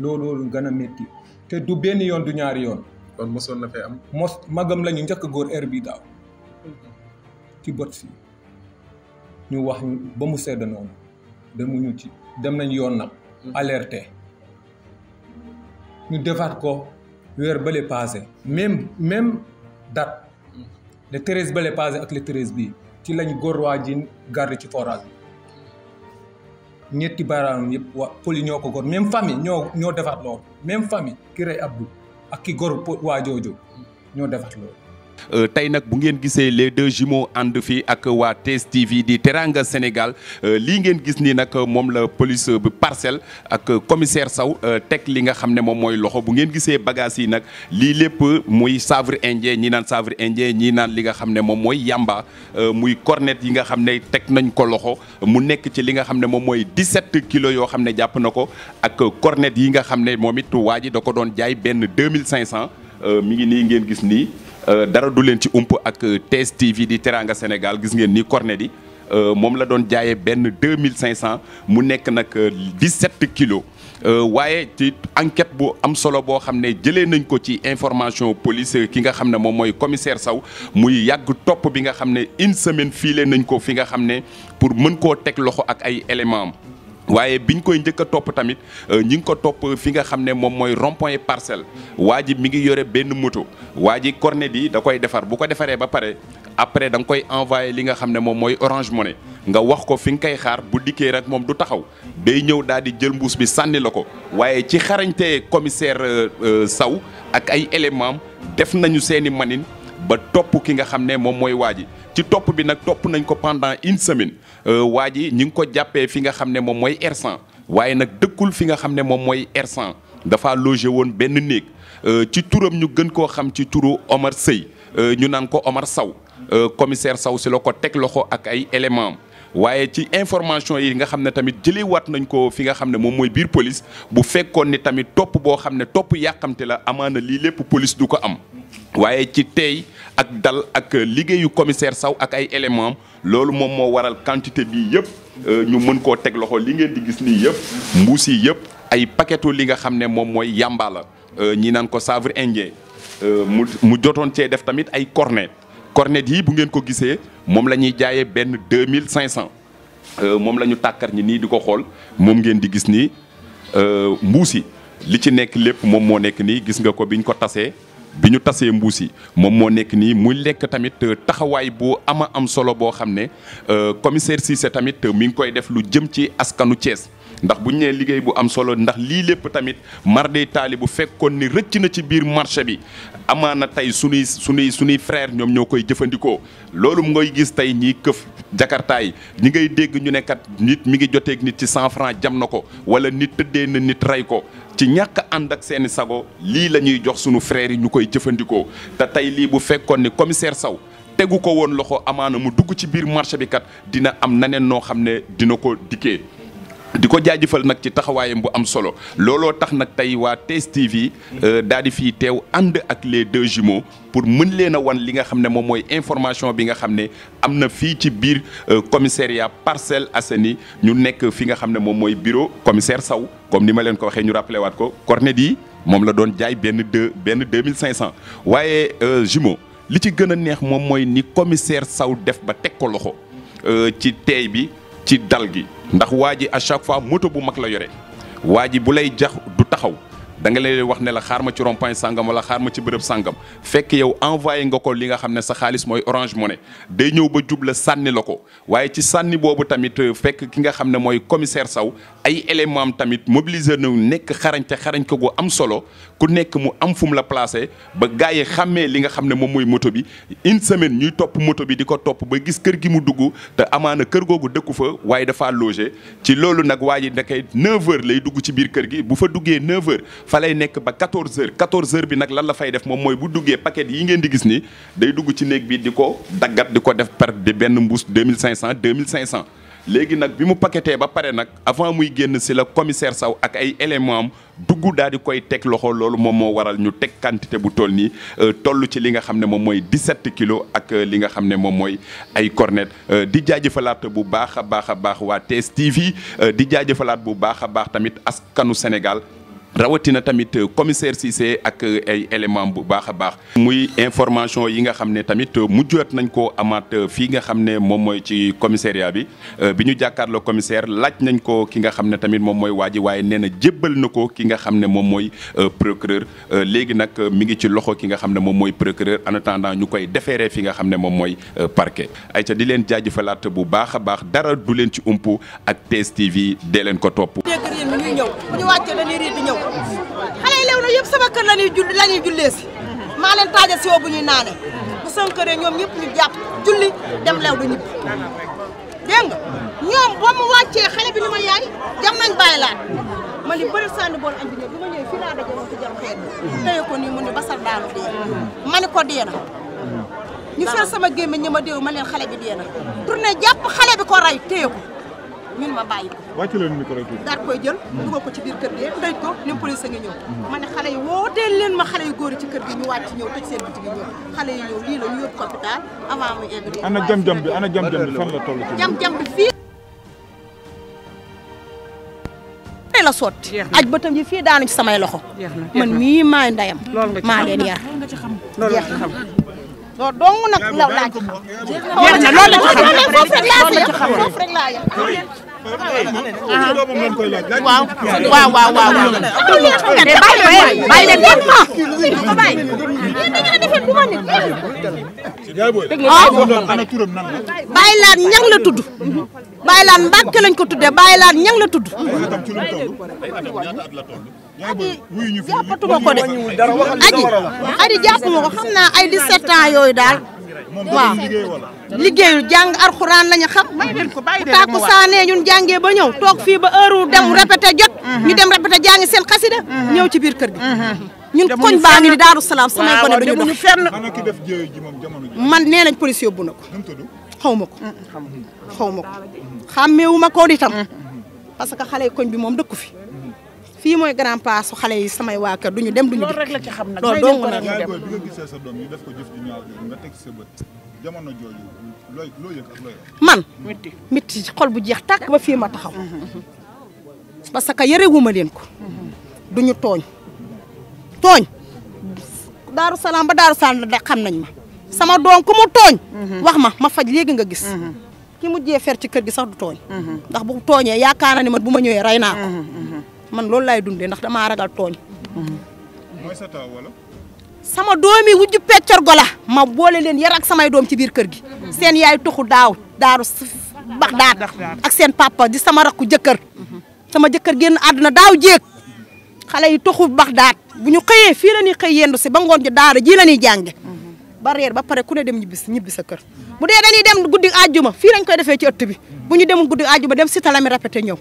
loolu gën a métti te du benn yoon du ñaari yoon. kon mosoon na fee am. mos magam lañu ñu njëkk a góor heure bii daaw ci bot fii ñu wax ba mu sedd noonu demuñu ci dem nañ yoon nag. alerté ñu defaat ko weer bële passé. même même date le treize bële passé ak le treize bii ci lañ góor waa ji garde ci forage bi ñetti baaraam yëpp waa poli ñoo ko góor même famille ñoo ñoo defaat loolu même famille ki rey Abdou ak ki góor waa joojo ñoo defaat loolu Euh, tay nak bu ngeen gisee les deux jumeaux ànd fi ak wa test TV di Teranga Sénégal euh, li ngeen gis ni nak mom la police bi parcel ak commissaire saw euh, tek li nga xam mom moy loxo bu ngeen gisee bagages yi nak li lepp muy savre indien ñi nan savre indien ñi nan li nga xam mom moy yamba muy cornet yi nga xam tek nañ ko loxo mu nekk ci li nga xam mom moy 17 kilos yo xam japp nako ak cornet yi nga xam momit moom da ko jaay 2500 mi ngi ni ngeen gis ni euh, dara du leen ci ak euh, test TV di Teranga Sénégal gis ngeen ni cornet di euh, mom la don jaayé ben 2500 mu 17 Kg. kilos wayé ci enquête bu am solo information police ki nga été mom moy commissaire muy bi nga une semaine filé nañ ko pour mën ak éléments waye biñ koy ñëk top tamit euh, ñi ngi ko top fi nga xamné mom moy rond-point parcelle waa ji mi ngi yoré ben moto waji ji cornet yi da koy défar bu ko défaré ba paré après dang koy envoyer li nga xamné mom moy Orange Money nga wax ko fi nga koy xaar bu diké rek mom du taxaw day ñëw daal di jël mbuss bi sanni lako waye ci xarañte commissaire euh, euh, saw ak ay éléments def nañu seeni manine ba top ki nga xamné mom moy waji ci top bi nak top nañ ko pendant une semaine euh, waa ji nous ko jappé fi nga xamné mom moy R100 waaye nak dekkul fi nga dafa logé euh, Omar Sey euh, Omar Saw commissaire Saw se la tek Nous loxo ak ay éléments am information yi nga xamné tamit wat nañ ko fi nga police la police am ak dal ak liggéeyu commissaire Saw ak ay éléments lolu mom mo waral quantité bi yépp euh, ñu mën ko teg loxo li ngeen di gis ni yépp mbusi yépp ay paquetu li nga xamné mom moy yamba la euh, ñi nan ko savre indien euh, mu jotone ci def tamit ay cornet cornet yi bu ngeen ko gisee mom lañuy jaayé ben 2500 deux mille cinq ñi ni diko xol mom ngeen di gis ni mbuus li ci nekk lepp mom mo nekk ni gis nga ko biñ ko tassé bi ñu tasee mbuus yi moom moo nekk nii muy lekk tamit euh, taxawaay bu ama am solo boo xam ne euh, commissaire Cissé tamit euh, mi ngi koy def lu jëm ci askanu Thiès. ndax bu ñu nee liggéey bu am solo ndax lii lépp tamit mar taali bu fekkoon ni rëcc na ci biir marché bi amaana tey sunuy sunuy sunuy frère ñoom ñoo koy jëfandikoo loolu ngay gis tey ñii këf jakartaay ñi ngay dégg ñu ne nit mi ngi joteeg nit ci cent franc jam na ko wala nit tëddee na nit rey ko ci ñàkk ànd ak seeni sago lii la ñuy jox sunu frères yi ñu koy jëfandikoo te tey lii bu fekkoon ni commissaire saw tegu ko woon loxo amaana mu dugg ci biir marché bi kat dina am naneen noo xam ne dina ko dikkee diko ko nak ci taxawayam bu am solo lolo tax nak tay Wa, test TV euh, dadi fi tew and ak les deux jumeaux pour meun leena wan li nga xam mom moy information bi nga xam amna fi ci bir euh, commissariat parcel aseni. ñu nek fi nga xam mom moy bureau commissaire saw comme ni ma leen ko waxe ñu rappelé wat ko cornet yi moom la don jaay ben deux ben 2500 mille euh, jumeaux li ci gëna neex mom moy ni commissaire saw def ba tek ko loxo ci tay bi ci dal ndax waaji ji à chaque fois moto bu mag la yore waa ji bu lay jax du taxaw da nga leen wax ne la xaar ma ci rond-point sàngam wala xaar ma ci bërëb sàngam fekk yow envoyé nga ko li nga xam ne sa xaalis mooy Orange Money day ñëw ba jubla sànni la ko waaye ci sànni boobu tamit euh, fekk ki nga xam ne mooy commissaire saw ay élément tamit mobilisé na nekk xarañ xarañte xarañ ko gu am solo ku nekk mu am fu mu la placé ba gars yi xàmmee li nga xam ne moom mooy moto bi une semaine ñuy topp moto bi di ko topp ba gis kër gi mu dugg te amaana kër googu dëkku fa waaye dafa logé ci loolu nag waa ji ndakay 9h lay dugg ci biir kër gi bu fa duggee 9h Fallait nek ba 14h 14h bi nak lan la fay def mom moy bu duggé paquet yi ngeen di gis ni day dugg ci nek bi diko daggat def perte de ben mbuus 2500 2500. léegi nak bi mu paquetee ba pare nak avant muy génn ci la commissaire Saw ak ay éléments am dugg dal di koy tek loxo lolou mom mo waral ñu tek quantité bu toll nii euh, tollu ci li nga xamné mom moy 17 kilos ak euh, li nga xamné mom moy ay cornet euh, di jaajëfalaat bu baax a baax wa test waa TS TV di jaajëfalaat bu baax baax tamit askanu Sénégal rawatina tamit euh, commissaire Cissé ak euh, ay élément bu baax baax muy information yi nga xamné tamit euh, mujjoot nañ ko amaat fi nga xamné mom moy ci commissariat bi biñu ñu commissaire laaj nañ ko ki nga xamné tamit mom moy waji waye néna nee ki nga xamné mom moy procureur légui nak mi ngi ci loxo ki nga xamné mom moy procureur en attendant ñukoy déféré fi nga xamné mom moy parquet ay ca di leen jaajëfalaat bu baax baax dara du len ci ump ak test TV dee ko topp xale yi lew na sama kër la ñuy julli la ñuy jullee si maa leen taajal si woo bu ñuy naane bu sankëree ñoom ñëpp ñu jàpp julli dem lew du ñibbi dégg nga ñoom boo mu wàccee xale bi ni ma yaay jam nañ bàyyi laat ma li bëri bool añ bi ñëw bi ma ñëwee fii laa daje ci jam xeet ko nii mu ne basar daanu dee ma ko dee na ñu fer sama gémmiñ ñi ma déew xale bi dee na tourné jàpp xale bi ko rey téye ko ñun ma bàyyi ko wàcc leen micro tuuti daal koy jël mm-hmm. dugal ko ci biir kër gi ndëj ko police a ngi ñëw mm-hmm. ma ne xale yi wooteel leen ma xale yu góor yi ci kër gi ñu wàcc ñëw tëj seen bitig yi ñëw xale yi ñëw lii la ñu yóbbu ko avant muy egg ana ana jam-jam bi fan la toll ci jam-jam bi fii la daanu ci samay loxo man mii maay ndeyam maa leen yar loolu dong nag law laa ci xam. yéen a loolu la ci xam foofu rek laa yem waaw waaw waaw waaw. mais bàyyi leen bàyyi leen def ma. yéen da ngeen a defee duma nit. bàyyi laan ñang la tudd. bàyyi laan mbàkk lañ ko tuddee bàyyi laan ñang la tudd. aji jàppatuma ko de aji xam naa ay 17 ans yooyu daal waaw liggéeyu jàng arxuraan lañu xam tàkku saanee ñun jàngee ba ñëw toog fii ba heure dem mm-hmm. répété jot mm-hmm. ñu dem répété jàngi seen xasida mm-hmm. ñëw ci biir kër gi ñun koñ baa ngi ni Daaru Salaam samay gone duñu dox man nee nañ police yóbbu na ko xaw ma ko xaw ma ko xàmmeewu ma ko di tam parce que xale koñ bi moom dëkku fi fii mooy grand pas su xale yi samay waa du ñu dem duñu loolu rek la ci xam nag loolu dong nag ñu dem bi ñu def sa bët jamono jooju looy loo man mitti xol bu jeex tàkk ba fii ma taxaw parce que yarewuma leen ko ñu tooñ tooñ daaru salaam ba daaru salaam la xam nañ ma sama doom ku mu tooñ mhm. wax ma ma faj léegi nga gis mhm. ki mujjee fer ci kër gi sax du tooñ mhm. ndax bu tooñee yaakaar na ni man bu ma ñëwee rey naa ko man loolu laay dundee ndax damaa ragal tooñ. Mm-hmm. mooy sa taw sama doom wujju peccar go la ma boole leen yar ak samay doom ci biir kër gi. Mm-hmm. seen yaay tuxu daaw daaru bax daat ak seen papa di sama rakku jëkkër. Mm-hmm. sama jëkkër génn àdduna daaw jéeg xale yi tuxu bax daat bu ñu xëyee fii la ñuy xëy yendu si ba ngoon ji daara ji la ñuy jànge ba reer ba pare ku ne dem ñibbis ñibbi sa kër bu dee dañuy dem guddi àjjuma fii lañ koy defee ci ëtt bi bu ñu demul guddi àjjuma dem si talami répété ñëw.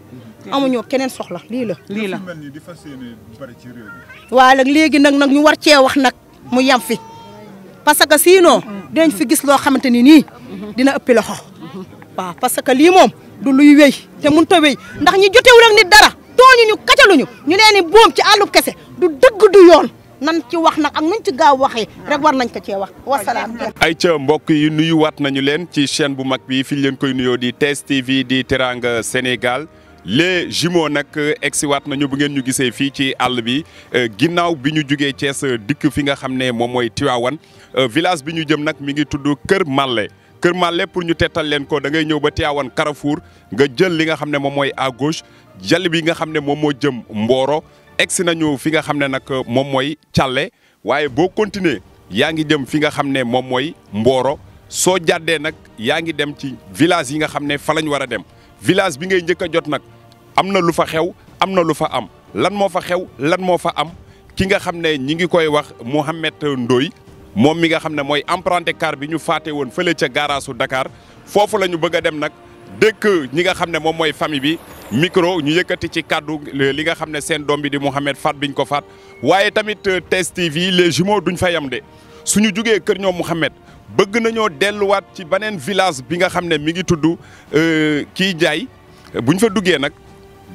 amuñu keneen soxla li la. li la mel ni di fas nak bari ci réew mi. waaw nag ñu war ci wax nak mu yam fi parce que sino mm-hmm. dinañ fi gis lo xamanteni ni mm-hmm. dina uppi loxo wa parce que li mom du luy wey te mu a wéy ndax ñi jotewul ak nit dara toñu ñu kacaluñu ñu leni bom ci àllub kese du deug du yoon nan ci wax nak ak nuñ ci gaaw waxe rek war nañ ko ci wax salaam ay ci mbokk yi wat nañu len ci chaîne bu mag bi fi leen koy nuyo di test TV di Teranga Senegal. les jumeaux nag eh, egsiwaat nañu bu ngeen ñu gisee fii ci àll bi eh, ginnaaw bi ñu jugee Thiès eh, dikk fi nga xam ne moom mooy Tivaouane village bi ñu jëm nag mi ngi tudd Kër Mallé Kër Mallé pour ñu tettal leen ko da ñëw ba Tivaouane Carrefour nga jël li nga xam ne moom mooy à gauche bi nga xam ne moom moo jëm Mboro egsi nañu fi nga xam ne nag moom mooy Thialé waaye boo continuer yaa ngi jëm fi nga xam ne moom mooy Mboro soo jàddee nag yaa ngi dem ci village yi nga xam ne fa lañ war a dem village bi ngay njëkk a jot nag. Amna Lufa lu fa xew amna lu fa am lan mo fa xew lan mo fa am ki nga xamne ñi ngi koy wax mohammed ndoy mom mi nga xamne moy car bi ñu ci Dakar fofu lañu bëgg dem nak dekk ñi nga xamne mom moy bi micro ñu yëkëti ci cadeau li nga xamne sen dom bi di mohammed fat biñ ko faat waye tamit euh, test TV les jumeaux duñ fa yam de suñu jugee kër ñoom mohammed bëgg nañoo ci banen village bi nga mi ngi jaay euh, buñ fa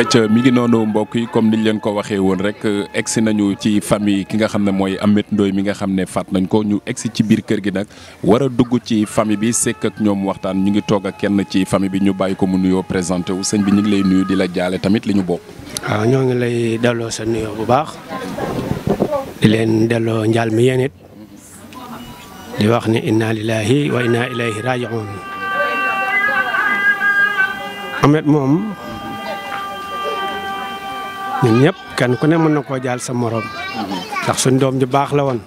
acca mi ngi noonu mbokk yi comme niñ leen ko waxee woon rek egsi nañu ci famille ki nga xam ne mooy Ameth Ndoye mi nga xam ne faat nañ ko ñu egsi ci biir kër gi nag war dugg ci famille bi sekk ak ñoom waxtaan ñu ngi toog ak kenn ci famille bi ñu bàyyi ko mu nuyoo présenté wu sëñ bi ñu ngi lay nuyu di la jaale tamit li ñu bokk. waaw ah, ñoo ngi lay delloo sa nuyoo bu baax di leen delloo njaal mi yéen it di wax ni inna lillahi wa inna ilayhi raji'un moom. ñun ñep kan ku ne mën na ko jaal sa morom tax suñ doom ju bax la won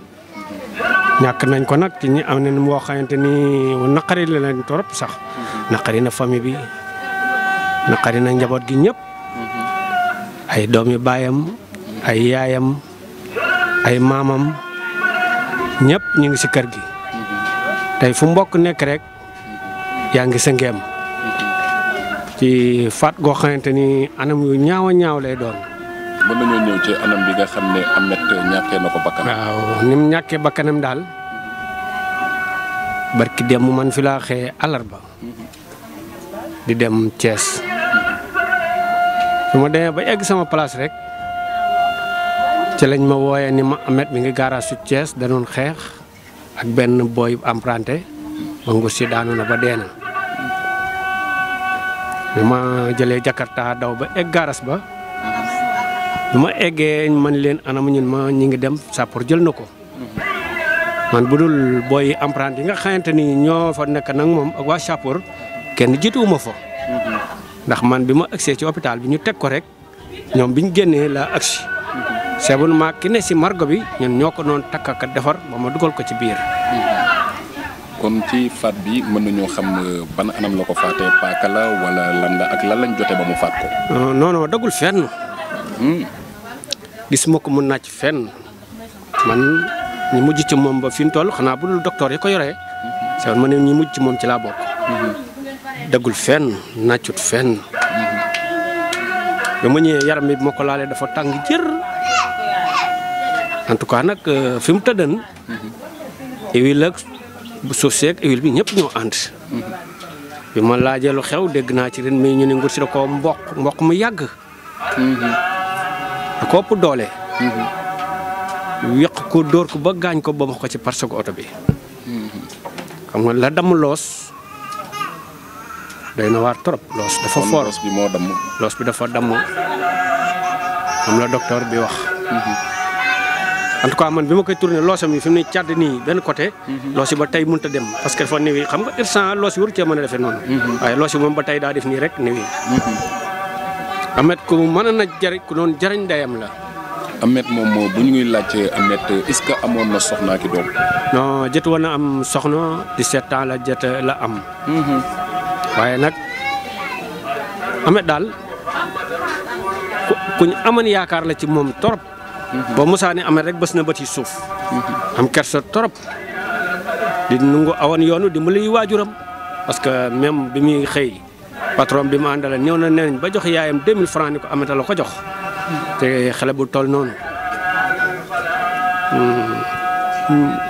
ñak nañ ko nak ci ñi am nañ mo xamante ni naqari la leen torop sax naqari na fami bi naqari na njabot gi ñep ay doomi bayam ay yaayam ay mamam ñep ñi ngi ci kër gi tay fu mbokk nek rek yaa ngi sa ci fat go xamante ni anam yu ñaawa ñaaw lay doon mën nañoo ñëw ci anam bi nga xam ne Ameth ñàkkee na ko bakkanam. waaw ni mu ñàkkee bakkanam daal barki dem man fi laa alarba di dem Thiès su ma demee ba egg sama place rek ci lañ ma wooyee ni ma Ameth mi ngi garage su Thiès da doon xeex ak benn booy emprunté ba ngur si daanu na ba dee na ma jëlee Jakarta daw ba egg ba duma eggee man leen anam ñun ma ñi ngi dem pour jël nako man budul boy emprunt yi nga xamante ni ñoo fa nek nak mom ak wa sappoor kenn jittuuma fa ndax man bima accé ci hôpital bi ñu tek ko rek ñom biñu génné la agsi sebul ma ki ne si margo bi ñun ñoo ko noon takk ak defar ba ma duggal ko ci biir kon ci fat bi mënu ñu xam euh, ban anam la ko faatee paaka wala lan la ak lan lañ joté ba mu fat ko euh, non non dagul fenn hmm. gisuma ko mun naa ci fenn man ñu mujj ci moom ba fi mu toll xanaa bu dul docteur yi ko yore seen ma ne ñu mujj ci moom ci laa bokk. dëggul fenn nàccut fenn. ba ma ñëwee yaram bi ma ko laalee dafa tàng jër en tout cas nag euh, fi mu tëddan. huile ak bu bi ñëpp ñoo ànd. bi ma laajee lu xew dégg naa ci ren mi ñu ne nguur si da mboq mboq mu yàgg. da ko doole. yàq ko dóor ko ba gaañ ko ba ma ko ci parce que oto bi. xam nga la damm loos day na waar trop loos dafa foor bi moo damm. loos bi dafa damm am la docteur bi wax. en man bi ma koy tourné loosam yi fi mu ne càdd nii benn côté. loos yi ba tey mënut a dem parce que dafa niwi xam nga instant loos yi waru cee mën a defee noonu. Mhm. waaye loos yi moom ba tey daa def nii rek niwi. Amet ku mën a na jariñ jariñ ndeyam la. Amet moom moo bu ñuy laajte Amet est amoon na soxna ki doom. non jot woon na am soxna 17 ans la jot la am. Mm-hmm. waaye nag Amet daal ku amoon yaakaar la ci moom torop. Mm-hmm. boo Moussa ne Amet rek bës na bët yi suuf. Mm-hmm. am kersa torop di nungu awoon yoonu di mu lay waajuram parce que même bi muy xëy. patron bi mu àndale ñëw na nee nañ ba jox yaayam 2000 francs ni ko amata la ko jox te xale bu toll noonu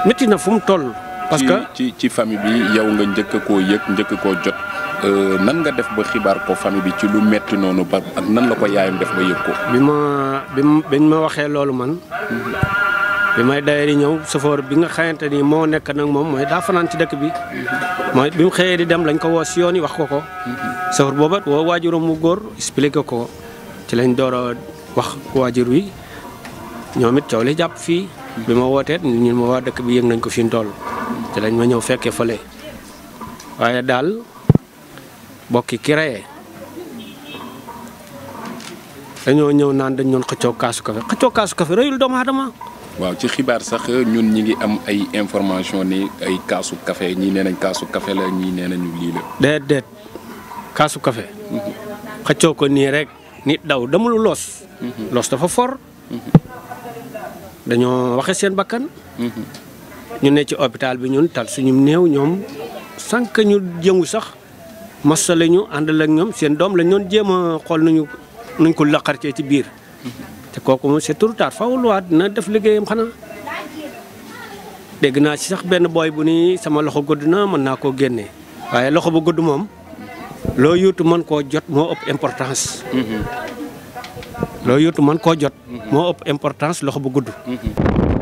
métti hmm. na fu mu toll. parce que ci ci famille bi yow nga njëkk koo yëg njëkk koo jot euh, nan nga def ba xibaar ko famille bi ci lu metti noonu ba ak nan la ko yaayam def ma yëg ko. bi ma bi ma waxee loolu man. Hmm. bi may dayee ñew ñëw safoor bi nga xayante ni nek nak mom moy da daa ci dekk bi moy bi mu xëyee di dem lañ ko wo ci yoni wax ko ko safoor booba wo waajuram mu gor expliqué ko ci lañ doro a wax waajur wi ñomit ciow coow li jàpp fii bi ma wootee ñun ma waa dëkk bi yeg nañ ko fi toll ci lañ ma ñew fekke fele waaye dal bokki kirayee dañu ñew naan dañ ñon xëccoo kaasu kafe xëccoo kaasu kafe rëyul doom adamama waaw ci xibaar sax ñun ñi ngi am ay information ni ay kaasu café ñi nee nañ kaasu café la ñi nee nañu la déet déet kaasu café ko ni rek nit daw damul los los dafa for dañu waxe seen bakkan ñu ne ci hôpital bi ñun tal suñu neew ñom sank ñu jëngu sax massa lañu andal ak ñom seen dom la ñon jema xol nañu nuñ ko ci biir te kooku moom c'est trop tard faaw luwaat na def liggéeyam xanaa dégg naa ci sax benn booy bu ni sama loxo gudd na mën naa koo génnee waaye loxo bu gudd moom loo yuutu mën koo jot moo ëpp importance. Mm-hmm. loo yuutu mën koo jot. Mm-hmm. moo ëpp importance loxo bu gudd. Mm-hmm.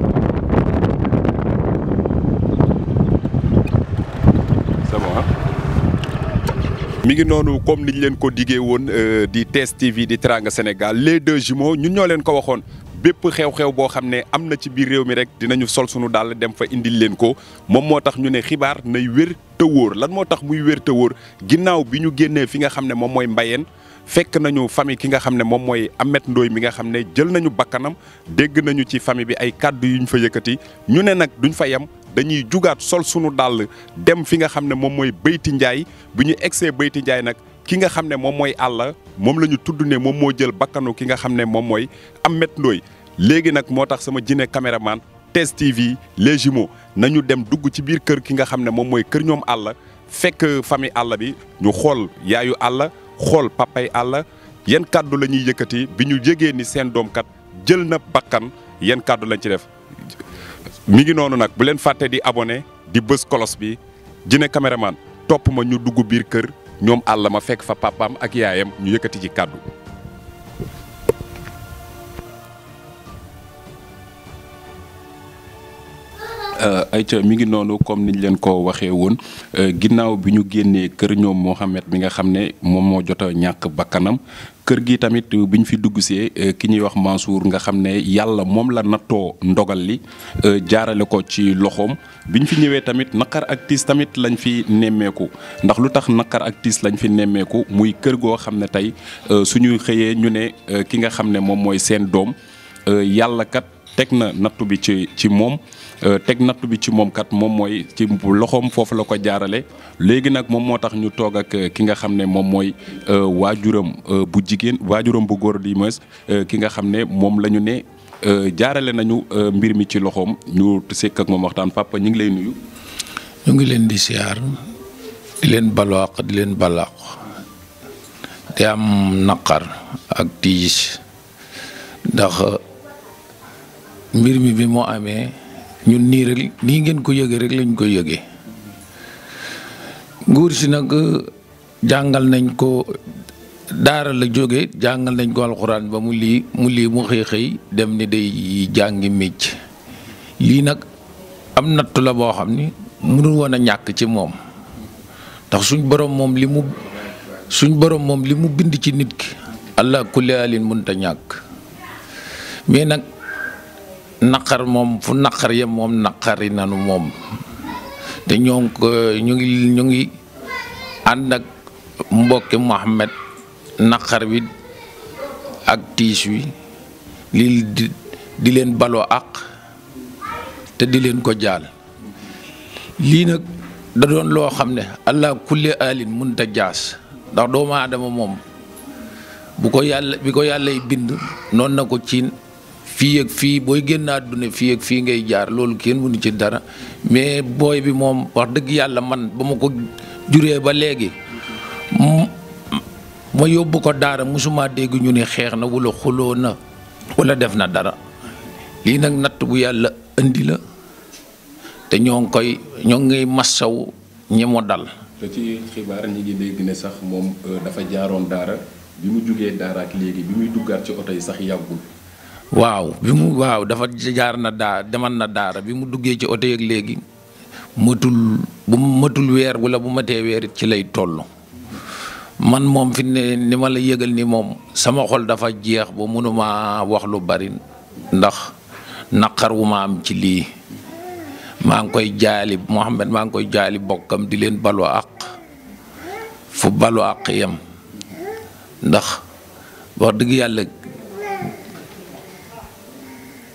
mi ngi noonu comme niñ leen ko diggee woon euh, di TS TV di Teranga Sénégal les deux jumeaux ñun ñoo leen ko waxoon bépp xew-xew boo xam ne am na ci biir réew mi rek dinañu sol sunu daal dem fa indil leen ko moom moo tax ñu ne xibaar nay wér te wóor lan moo tax muy wér te wóor ginnaaw bi ñu génnee fi nga xam ne moom mooy mbayeen fekk nañu famille ki nga xam ne moom mooy Ameth ndooy mi nga xam ne jël nañu bakkanam dégg nañu ci famille bi ay kàddu yu fa yëkkati ñu ne nag duñ fa yem dañuy jugaat sol sunu dàll dem fi nga xam ne moom mooy Bayti Njaay bu ñu egsee Bayti Njaay nag ki nga xam ne moom mooy àlla moom la ñu tudd ne moom moo jël bakkanu ki nga xam ne moom mooy Ameth Ndoye léegi nag moo tax sama jine caméraman TS TV les jumeaux nañu dem dugg ci biir kër ki nga xam ne moom mooy kër ñoom àll fekk famille àll bi ñu xool yaayu àll xool papay àll yan kàddu la ñuy yëkkati bi ñu jegee ni seen doomkat jël na bakkan yan kàddu lañ ci def mi ngi noonu nag bu leen fàtte di abone di bës kolos bi Djiné Caméraman topp ma ñu dugg biir kër ñoom àll ma fekk fa papaam ak yaayam ñu yëkkati ci kàddu euh, ayca mi ngi noonu comme niñ leen ko waxee woon euh, ginnaaw bi ñu génnee kër ñoom Mohamed mi nga xam ne moom moo jot ñàkk bakkanam kër gi tamit bi ñu fi dugg see euh, ki ñuy wax Mansour nga xam ne yàlla moom la nattoo ndogal li euh, jaarale ko ci loxoom bi ñu fi ñëwee tamit naqar ak tamit lañ fi nemmeeku ndax lu tax naqar ak lañ fi nemmeeku muy kër goo xam ne tey euh, su ñu xëyee ñu ne ki nga xam ne moom mooy seen doom yàlla kat teg na nattu bi ci ci moom. Euh, teg nattu bi ci moom kat moom mooy ci loxoom foofu la ko jaarale léegi nag moom moo tax ñu toog ak euh, ki nga xam ne moom mooy euh, waajuram bu jigéen waajuram bu góor di mës ki nga xam ne moom la ñu ne jaarale nañu mbir mi ci loxoom ñu sekk ak moom waxtaan papa ñu ngi lay nuyu. ñu ngi leen di siyaar di leen balaax di leen balaax di am naqar ak tiis ndax mbir mi bi moo amee. ñun nii rek nii ngeen ko yëgee rek lañ ko yëgee nguur si nag jàngal nañ ko daara la jóge jàngal nañ ko alxuraan ba mu lii mu lii mu xëy xëy dem ni yi jàngi micc lii nag am nattu la boo xam ni mënul woon a ñàkk ci moom ndax suñ borom moom li mu suñ borom moom li mu bind ci nit ki allah kulli alin mënta ñàkk mais nag naqar moom fu naqar yem moom naqari nanu moom te ñoo ngi ko ñu ngi ñu ngi ànd ak mbokki Mohamed naqar wi ak tiis wi di leen balo àq te di leen ko jaal lii nag da doon loo xam ne allah kulli alin munta jaas ndax doomu aadama moom bu ko yàlla bi ko yàllay bind noonu na ko ciin fii ak fii booy génn àdduna fii ak fii ngay jaar loolu kenn mënu ci dara mais booy bi moom wax dëgg yàlla man ba ma ko juree ba léegi ma yóbbu ko daara mosuma dégg ñu ne xeex na wala xuloo na wala def na dara lii nag natt bu yàlla indi la te ñoo ngi koy ñoo ngi massaw ñi mu dal. te ci xibaar ñi ngi dégg ne sax moom euh, dafa jaaroon daara bi mu jógee daara ak léegi bi muy duggaat ci oto yi sax yàggul. waaw waaw dafa jaar na daa demal na daara bi mu duggee ci oto yeeg léegi mëtul matul weer wala bu matee weer ci lay toll man moom fi ne ni ma la yëgal ni moom sama xol dafa jeex ba mënuma wax lu bari ndax naqar wu ma am ci lii maa ngi koy jaali Mouhamed maa ngi koy jaali bokkam di leen balu àq fu balu àq yam ndax wax dëgg yàlla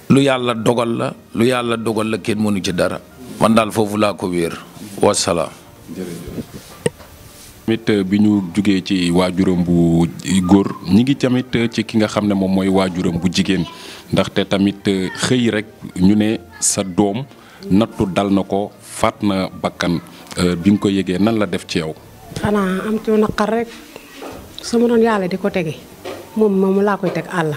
lu yàlla dogal la lu yàlla dogal la kenn mënu ci dara man daal foofu laa ko wéer wasalaam. Euh, bi ñu jógee ci waajuram bu góor ñi ngi tamit euh, ci ki nga xam ne moom mooy waajuram bu jigéen ndaxte tamit euh, xëy rek ñu ne sa doom nattu dal na ko faat na bakkan bi nga ko yëgee nan la def ci yow. xanaa am ci naqar rek su ma doon yàlla di ko tege moom moomu laa koy teg àll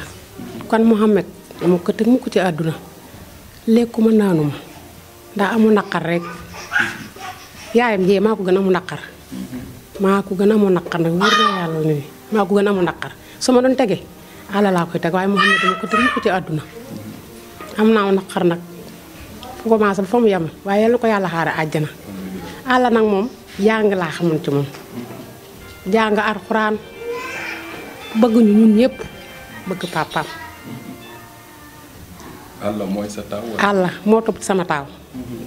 kon Mouhamed dama ko teg mukk ci aduna lekuma nanuma nda amu nakar rek yaayam je mako gëna mu nakar mako gëna mu nakar nak wërna yalla ni mako gëna mu nakar don tege ala la koy teg waaye moo xam ne dama ko teg mukk ci aduna amna mu nakar nak fu ko ba fa mu yem waaye ko yalla xara aljana ala nak mom, yang la xamun ci mom jang alquran bëgg ñu ñun ñëpp bëgg papa àlla mooy sa taaw. àlla moo topp sama taaw. Mm-hmm.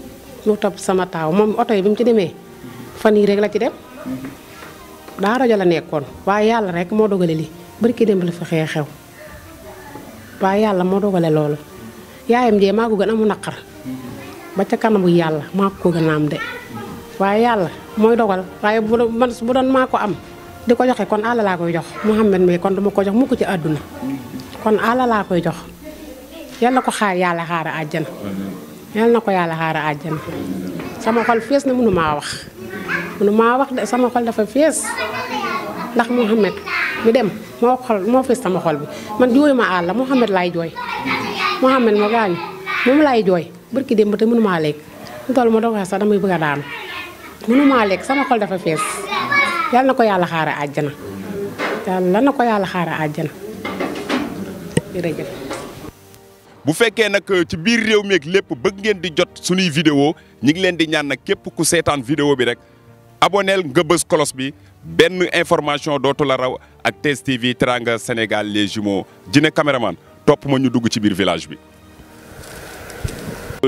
moo topp sama taaw moom oto yi bi mu ci demee mm-hmm. fan yii rek la ci dem. Mm-hmm. daa rajo la nekkoon waaye yàlla rek moo dogale li bari ki dem la fa xew waaye yàlla moo dogale loolu yaayam jee maa ko gën amu naqar ba ca kanamu yàlla maako ko gën a am de waaye yàlla mooy dogal waaye bu man bu doon maa ko am di ko joxe kon àlla laa koy jox Muhammad mi kon duma ko jox mu ko ci àdduna kon àlla laa koy jox yal na ko xaar yàlla xaar a àjjana yal na ko yàlla xaar a àjjana sama xol na mënu maa wax mënu maa wax sama xol dafa fees ndax Mouhamed mi dem moo moo fees sama xol bi man jooyu ma àll Mouhamed laay jooy Mouhamed ma gaañu moom laay jooy barki dem te mënu maa lekk mu toll ma doog sax damay bëgg a daanu mënu maa sama xol dafa fees na ko yàlla xaar a àjjana na ko yàlla xaar a àjjana bu vous nak euh, ci biir réew mi lépp bëgg ngeen di jot suñuy vidéo ñi ngi leen di ñaan à képp vidéo bi rek des information la raw TV Teranga Sénégal les jumeaux jine caméraman top ma ñu dugg ci village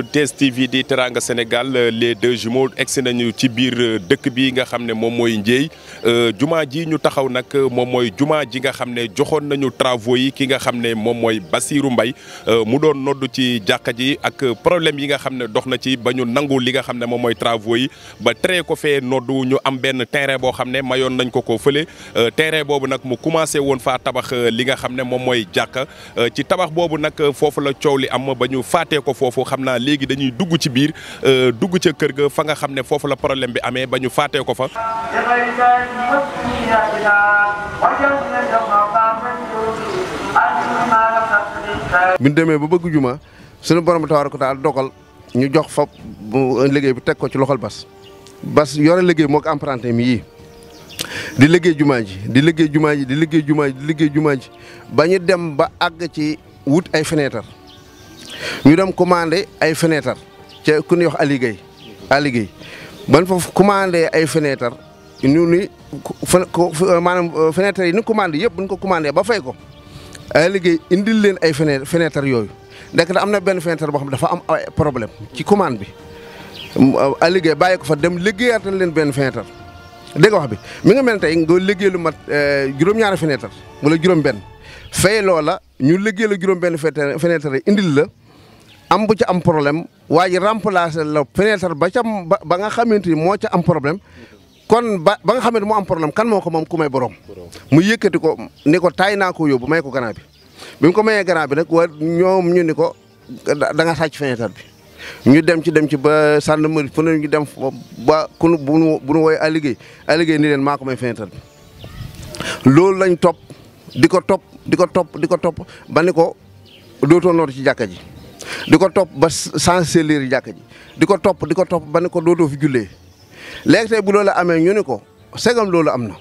DSTV di Teranga Sénégal euh, les deux jumeaux egsi nañu ci biir euh, dëkk bi nga xam ne moom mooy Ndieye euh, jumaa ji ñu taxaw nag moom mooy jumaa ji nga xam ne joxoon nañu travaux yi ki nga xam ne moom mooy Bassirou mbay mu doon nodd ci jàkka ji ak problème yi nga xam ne dox na ci ba ñu nangu li nga xam ne moom mooy travaux yi ba tere ko fee nodd ñu am benn terrain boo xam ne mayoon nañ ko ko fële terrain boobu nag mu commencé woon faa tabax li nga xam ne moom mooy jàkk ci tabax boobu nag foofu la coow li am ba ñu faatee ko foofu léegi dañuy dugg ci biir euh, dugg ca kër ga fa nga xam ne foofu la problème bi amee bañu ñu faatee ko fa. bi demee ba bëgg juma suñu borom tawaar ko daal dogal ñu jox fa euh, liggéey bu teg ko ci loxol bas bas yore liggéey moo ko emprunté mi di liggéey jumaa ji di liggéey jumaa ji di liggéey jumaa liggéey jumaa ji ba dem ba àgg ci wut ay fenêtre ñu dem commandé ay fenêtre ca ku ñuy wax Ali Guèye Ali Guèye ban foofu commandé ay fenêtre ñu ni maanaam euh, fenêtre yi ni commandé yëpp buñ ko commandé ba fay ko Ali Guèye indil leen ay fenêtre fenêtre yooyu ndek da am na benn fenêtre boo xam dafa am problème ci commande bi euh, Ali Guèye bàyyi ko fa dem liggéeyaatal leen benn fenêtre dégg wax bi mi ngi mel tey nga liggéey lu mat euh, juróom-ñaari fenêtre wala juróom-benn fay loola ñu liggéey la juróom-benn fenêtre indil la am bu ci am problème waa ji remplacer la fenêtre ba ca ba nga xamante ni moo ca am problème kon ba ba nga xamante moo am problème kan moo ko moom ku may borom. mu yëkkati ko ni ko naa ko yóbbu may ko gannaaw bi bi mu ko mayee gannaaw bi nag wa ñoom ñu ni ko da nga sàcc fenêtre bi. ñu dem ci dem ci ba gendarmerie fu ne ñu dem ba ku bu nu bu nu woowee alligéey alligéey ni leen maa ko may fenêtre bi loolu lañ topp di ko topp di ko topp di ko topp ba ni ko dootoo noor ci jàkka ji. di ko topp ba sensé liir jàkk di ko topp di ko top ba ne ko dootoo fi jullee léegi tey bu loolu amee ñu ni ko segam loolu am na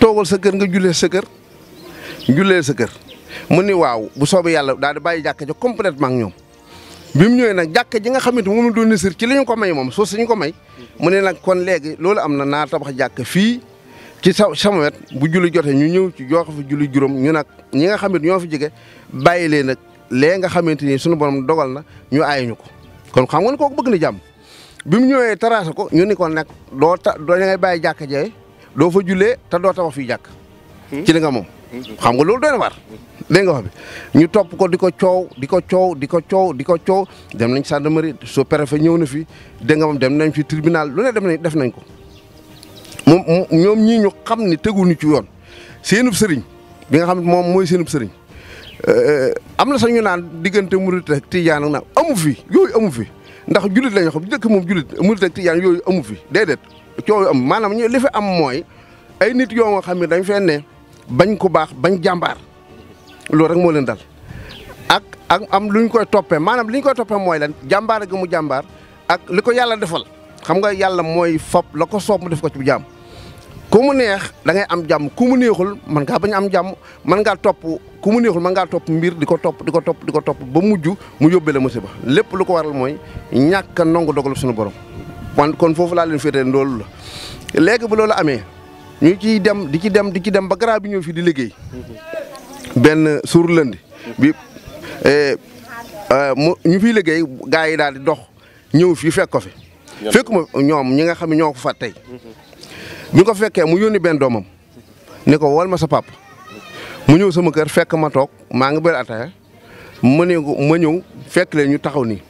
toogal sa kër nga jullee sa kër jullee sa kër mu ni waaw bu soobee yàlla daal di bàyyi jàkk ji complètement ak ñoom bi mu ñëwee nag jàkk ji nga xamante moom la ci li ñu ko may moom suuf si ko may mu ne nag kon léegi loolu am na naa tabax jàkk fii ci sa sama bu julli jotee ñu ñëw ci jox fi julli juróom ñu nag ñi nga xam ne ñoo fi jege bàyyi leen nag lee nga xamante ni suñu borom dogal na ñu aay ñu ko kon xam nga ni kooku bëgg na jàmm bi mu ñëwee terrasse ko ñu ni ko nag doo ta doo da ngay bàyyi jàkka jee doo fa jullee te doo tabax fii jàkk ci li nga moom xam nga loolu doy na waar dégg nga wax bi ñu topp ko di ko coow di ko coow di ko coow di ko coow dem nañ gendarmerie sous préfet ñëw na fi dégg dem nañ fi tribunal lu ne dem nañ def nañ ko moom ñoom ñii ñu xam ni teguñu ci yoon seenub sëriñ bi nga xam moom mooy seenub sëriñ Euh, am na sax ñu naan diggante murit ak tijaan nag amu fi yooyu amu fi ndax julit lañu xam dëkk moom julit murit ak tijaan yooyu amu fi déedéet coow am maanaam ñu li fi am mooy ay nit yoo nga xam ne dañ fee ne bañ ku baax bañ jàmbaar loolu rek moo leen dal ak ak am luñ koy toppee maanaam li koy toppee mooy lan jàmbaar gi mu jàmbaar ak li ko yàlla defal xam nga yàlla mooy fop la ko soob mu def ko ci jaam ku mu neex da ngay am jàmm ku mu man mën ngaa bañ am jàmm mën ngaa topp ku mu neexul mën ngaa topp mbir di ko topp di ko topp di ko topp ba mujj mu yóbbee la musiba lépp lu ko waral mooy ñàkk a nangu dogalu suñu borom. man kon foofu laa leen féetee loolu la léegi bu loolu amee ñu ciy dem di ci dem di ci dem ba garab bi ñëw fii di liggéey benn suur lënd bi eh, eh, ñu fiy liggéey gaa yi daal di dox ñëw fii fekk ko fi. fekk ma ñoom ñi nga xam ne ñoo bi nga ko fekkee mu yónni benn doomam ne ko wal ma sa pap mu ñëw sama kër fekk ma toog maa ngi bëri ataaya ma ne ma ñëw fekk leen ñu taxaw nii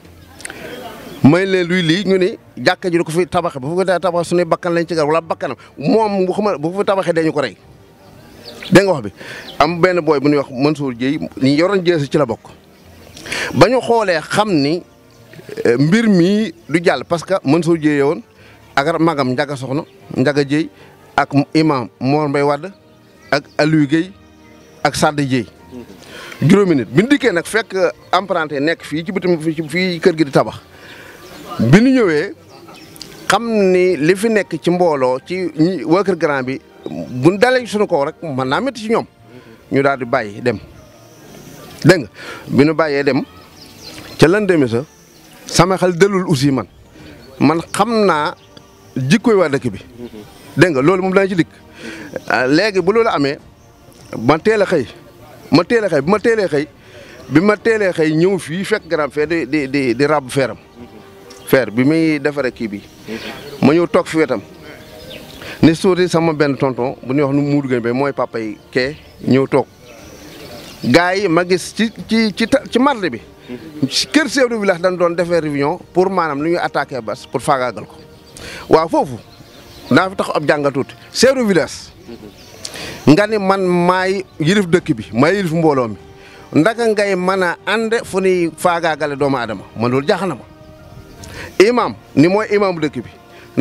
may leen luy lii ñu ne jàkka ji da ko fi tabaxee bu ko tabaxee suñuy bakkan lañ ci gar wala bakkanam moom bu xama bu ko fi tabaxee dañu ko rey dégg nga wax bi am benn booy bu ñuy wax Mansour Dieye ñi yoroon jeesi ci la bokk ba xoolee xam ni eh, mbir mii du jàll parce que Mansour Dieye woon ak magam Njaga Soxna Njaga Jéy ak imam Mor Mbay Wadd ak Aliou ak Sadd Jéy juróominit nit bi ñu dikkee nag fekk emprunté nekk fii ci bitim fii kër gi di tabax bi ñu ñëwee xam ni li fi nekk ci mbooloo ci waa kër grand bi buñ dalee suñu kaw rek mën naa métti ci ñoom ñu daal di bàyyi dem dégg nga bi ñu bàyyee dem ca lan demee sa sama xal dëlul aussi man man xam naa jikkoy waa dëkk bi dégg nga loolu moom daañu ci dikk ah, léegi bu loolu amee ma teel a xëy ma teel a xëy bi ma teelee xëy bi ma teelee xëy ñëw fi fekk garaam fee di di di di ràbb feeram feer bi muy defaree kii bi ma ñëw toog fi wetam ni suuti sama benn tonton bu ñuy wax nu muudu gën mooy papa kee ñëw toog gars yi ma gis ci ci ci ci mardi bi kër chef bi lax dañ doon defee réunion pour maanaam nu ñuy attaqué bas pour faagaagal ko wa fofu naa fi tax ab jàngal tuuti village man may yirif dekk bi may yirif mbolo mi ndaka ngay mana ande funi faga ñuy faagaagale doomu aadama man lol imam ni moy imam dekk bi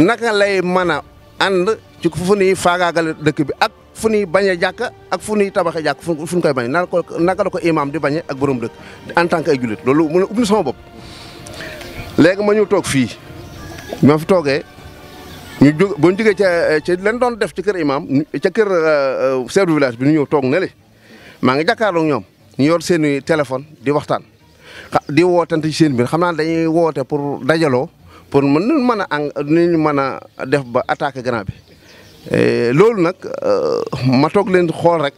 naka lay mana and ci funi faga faagaagale dekk bi ak funi baña jak ak funi ñuy jak fuñ koy bañ naka lako imam di bañ ak borom dekk en tant que julit lolou loolu mu ne sama bop ma ñu bi ma fi toogee ñu jóg ba ca ca leen doon def ci kër imam ca kër euh, euh, chef du village bi nu ñëw toog na le maa ngi jàkkaarloog ñoom ñu yor seen i téléphone di waxtaan di wootante ci seen biir xam dañuy woote pour dajaloo pour mën nañu mën a ang ñu mën a def ba attaqué grand bi. Euh, loolu nag ma toog leen xool rek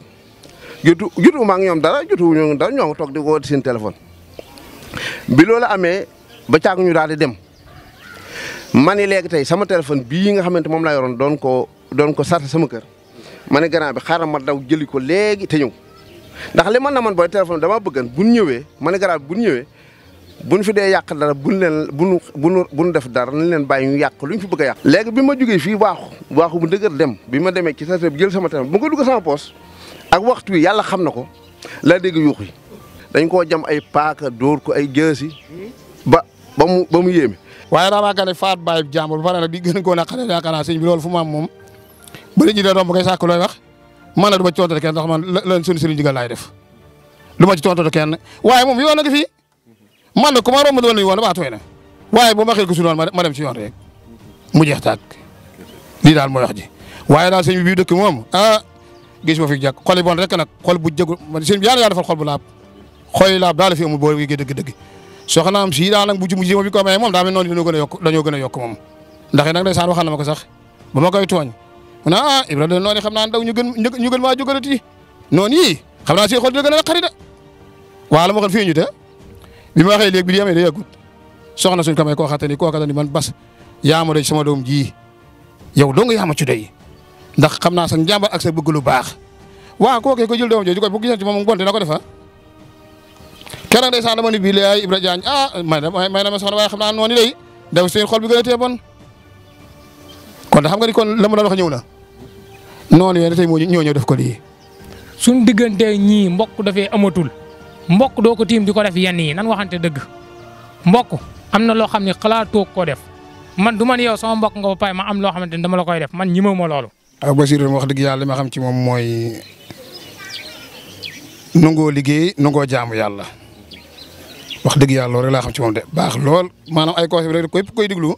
jotu jotu maa ñoom dara jotu ñoo ngi dara ñoo ngi toog di woote seen téléphone bi loolu amee ba caag ñu daal di dem. ma ne léegi tey sama téléphone bii nga xamante moom laa yoroon doon ko doon ko sart sama kër ma ne grand bi xaaral ma daw jëli ko léegi te ñëw ndax li man na man booy téléphone damaa bëggan bu ñu ñëwee ma ne grand bi bu ñu ñëwee bu ñu fi dee yàq dara bu ñu leen bu ñu bu ñu bu ñu def dara nañ leen bàyyi ñu yàq lu ñu fi bëgg a yàq. léegi bi ma jugee fii waaxu waaxu bu dëgër dem bi ma demee ci sartee bi jël sama téléphone bu nga dugg sama poos ak waxtu wi yàlla xam na ko la dégg yuux yi dañ koo jam ay paaka dóor ko ay jësi ba ba mu ba mu yéeme waaye raamaaka ne faat bàyyi jàmbur ba pare nag di gën koo naqare yaakaar naa sëñ bi loolu fu mu moom bëri ji de romb koy sàkk looy wax man na du ma ci tontatu kenn ndax man lan suñu sëriñ digal laay def lu ma ci tontatu ken waaye moom yoon na fi man na ku ma romb doon nañu woon ba tooy na waaye bu ma xel ko su noonu ma dem ci yoon rek mu jeex taag lii daal mooy wax ji waaye daal sëñ bi bii dëkk moom ah gis ma fi jàkk xol yi bon rek nag xol bu jégu sëñ bi yàlla yàlla defal xol bu laab xol yi laab daal fi amul boo dëgg soxnaam sii daa nag bu ci mujj bi ko moom daa mel noonu dañoo gën a yokk dañoo gën a yokk moom ndax waxal na ma ko sax ba ma koy tooñ mu ne ah Ibra da noonu xam naa daw ñu gën gën maa jógalati noonu yii xam naa seen xol dina ko a xari de waaw la ma waxoon fii ñu te bi ma waxee léegi bi di amee da yàggut soxna suñ ko may koo xamante ni koo xamante ni man bas yaa ma doy sama doom ji yow dong yaa ma ci doy ndax xam naa sa njàmbar ak sa bëgg lu baax waaw koo kee ko jël doom jooju ko bu gisee ci moom gonte na ko defa ah. keroog day dama ni bii laay Ibra Jaañ ah may may na ma soxna way xamna noni noonu lay def seen xol bi gëna tebon kon da xam nga ni kon la wax ñew na noonu yéen tay mo def ko li ñi mbokk amatul mbokk ko di def yenn yi nan waxante deug mbokk amna lo xamni xam ne xalaatoo def man duma sama mbokk nga ma am lo xamanteni dama la koy def man ñima mo lolu ak Basiru wax deug yalla ma xam ci mom moy nungo liggey nungo jaamu yalla ya wax dëgg yàlla loolu laa xam ci moom de baax lool maanaam ay conseil bi rek képp koy diglu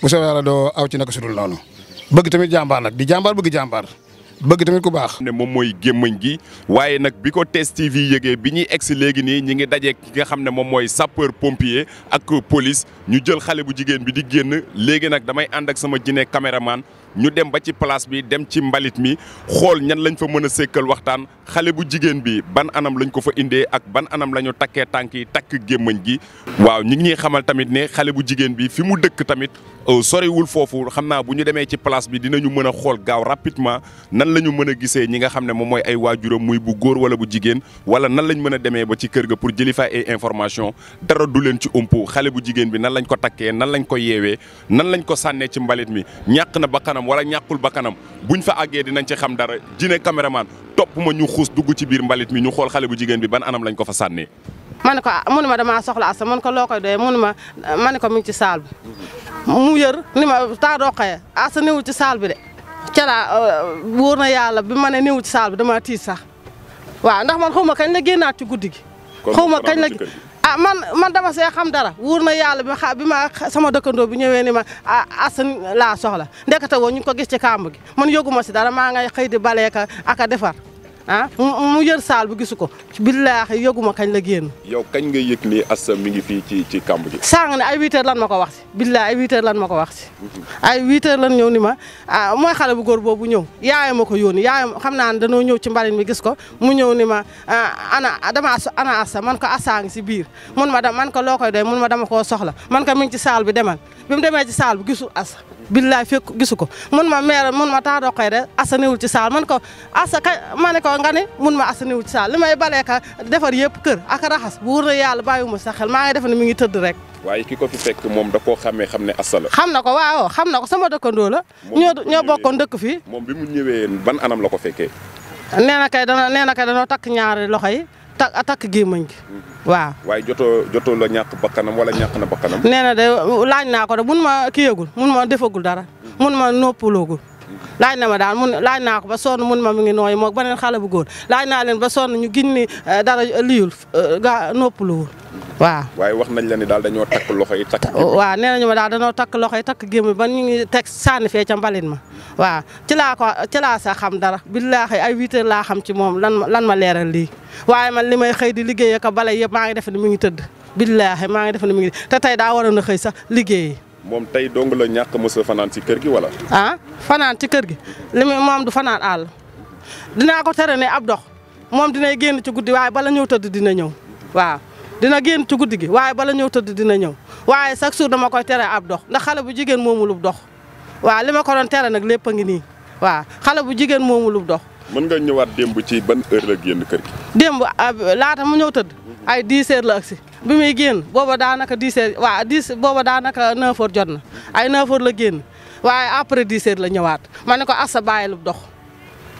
bu soobee yàlla doo aw ci naka sudul noonu bëgg tamit jàmbaar nag di jàmbaar bëgg jàmbaar bëgg tamit ku baax. ne moom mooy gémmañ gi waaye nag bi ko TS TV yëgee bi ñuy egg si léegi nii ñi ngi daje ki nga xam ne moom mooy sapeur pompier ak police ñu jël xale bu jigéen bi di génn léegi nag damay ànd ak sama jine caméraman ñu dem ba ci place bi dem ci mbalit mi xool ñan lañ fa mën a sékkal waxtaan xale bu jigéen bi ban anam lañ ko fa indee ak ban anam la ñu takkee tànk yi takk gémmañ gi waaw ñu ngi ñuy xamal tamit ne xale bu jigéen bi fi mu dëkk tamit euh, soriwul foofu xam naa bu ñu demee ci place bi dinañu mën a xool gaaw rapidement nan la ñu mën a gisee ñi nga xam ne moom mooy ay waajuram muy bu góor wala bu jigéen wala nan lañ mën a demee ba ci kër ga pour jëli fa ay information dara du leen ci ump xale bu jigéen bi nan lañ ko takkee nan lañ ko yeewee nan lañ ko sànnee ci mbalit mi bakkanam wala ñàkkul bakkanam buñ fa àggee dinañ ci xam dara jine caméraman topp ma ñu xuus dugg ci biir mbalit mi ñu xool xale bu jigéen bi ban anam lañ ko fa sànnee. ma ko ah, munu ma damaa soxla asa man ko loo koy doyee munu ma ma ne ko mi ngi ci saal bi mu yër ni ma taa doqee asa néew ci saal bi de ca laa euh, wóor na yàlla bi ma ne néew ci saal bi damaa tiit sax waaw ndax man xaw ma kañ la génnaat ci guddi gi. kañ la ah man man dama see xam dara wóor na yàlla bi xa bi ma sama dëkkandoo bi ñëwee ni ma asan ah, laa soxla ndekete woo ñu ngi ko gis ci kàmb gi man yógu ma si dara maa ngay xëy di baleeka ak a defar ah mu yër saal bu gisu ko billaahi yëguma kañ la génn yow kañ nga yëg ni Asta mi ci ci kàmb gi ay huit heures lan ma ko wax si billaahi ay huit heures lan ma ko wax si ay huit lan ñëw ni ma ah mooy xale bu góor boobu ñëw yaayam ma ko yónni yaayam xam naa ne danoo ñëw ci mbarin mi gis ko mu ñëw ni ma ah, ana dama ana Asta man ko Asta ngi si biir mun ma da man ko loo koy doy mun ma dama koo soxla man ka mi ngi ci saal bi demal bi mu demee ci saal bi gisul Asta billaay fekk gisu ko mun ma meer mun ma taa doqee de asa newul ci saal man ko asa ka ma ne ko nga ne mun ma asa newul ci saal li may balee ka defar yëpp kër ak raxas bu wóor na yàlla bàyyiwuma sa xel maa ngi def ne mi ngi tëdd rek. waaye ki ko fi fekk moom da koo xamee xam ne asa la. xam na ko waaw xam na ko sama dëkkandoo la. ñoo ñoo bokkoon dëkk fii. moom bi mu ñëwee ban anam la ko fekkee. nee na kay dano nee na kay takk ñaari loxo yi takk takk gémmañ gi waaw. waaye jotoo jotoo la ñàkk bakkanam wala ñàkk na bakkanam. nee na de laaj naa ko de mun ma kiyagul mun ma defagul dara mm-hmm. mun ma noppaloogul. laaj na ma daal mun laaj naa ko ba sonn mun ma mu ngi nooy moog beneen xale bu góor laaj naa leen ba sonn ñu gis ni eh, dara eh, liyul eh, ga noppaluwul waaw. waaye wax nañ la ni daal dañoo takk loxo yi takk. waaw nee nañu ma daal dañoo takk loxo yi takk gémmi ba ñu ngi teg sànni fee ca mbalit ma waaw ci laa ko ci laa sa xam dara billaahi ay huit laa xam ci moom lan ma lan ma leeral lii waaye man li may xëy di liggéey ak bale yëpp maa ngi def ni mu ngi tëdd billaahi maa ngi def mu ngi te tey daa waroon a xëy sax liggéey moom tey dong la ñàkk mës a fanaan ci kër gi wala. ah fanaan ci kër gi li muy moom du fanaan àll dinaa ko tere ne ab dox moom dinay génn ci guddi waaye bala ñëw tëdd dina ñëw waaw dina génn ci guddi gi waaye bala ñëw tëdd dina ñëw waaye chaque jour dama koy tere ab dox ndax xale bu jigéen moomu lub dox waa li ma ko doon tere nag lépp a ngi nii waaw xale bu jigéen moomu lub dox. mën nga ñëwaat démb ci ban heure la kër gi. démb laata mu ñëw tëdd. ay 10 heures la agsi bi muy génn booba daanaka 10 heures waa 10 booba daanaka 9 heures jot na ay 9 la génn waaye après 10 la ñëwaat ma ne ko asa ah, bàyyi lu dox.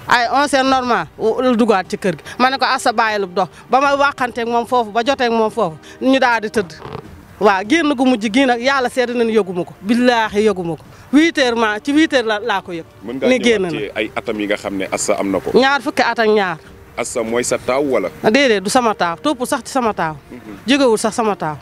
ay 11 heures normal lu dugaat ci kër gi ma ne ko asa ah, bàyyi lu dox ba ma waxanteeg moom foofu ba joteeg moom foofu ñu daal di tëdd. waaw génn gu mujj gii nag yàlla seetlu nañu yëgu ma ko billaahi yëgu ma ko 8 ma ci 8 la laa ko yëg. ni génn na ay atam yi nga xam ne asa am na ko. ñaar fukki at ak ñaar. Assa mooy sa taaw wala. déedéet du sama taaw toppul sax ci sama taaw. Mhm. jógewul sax sama taaw.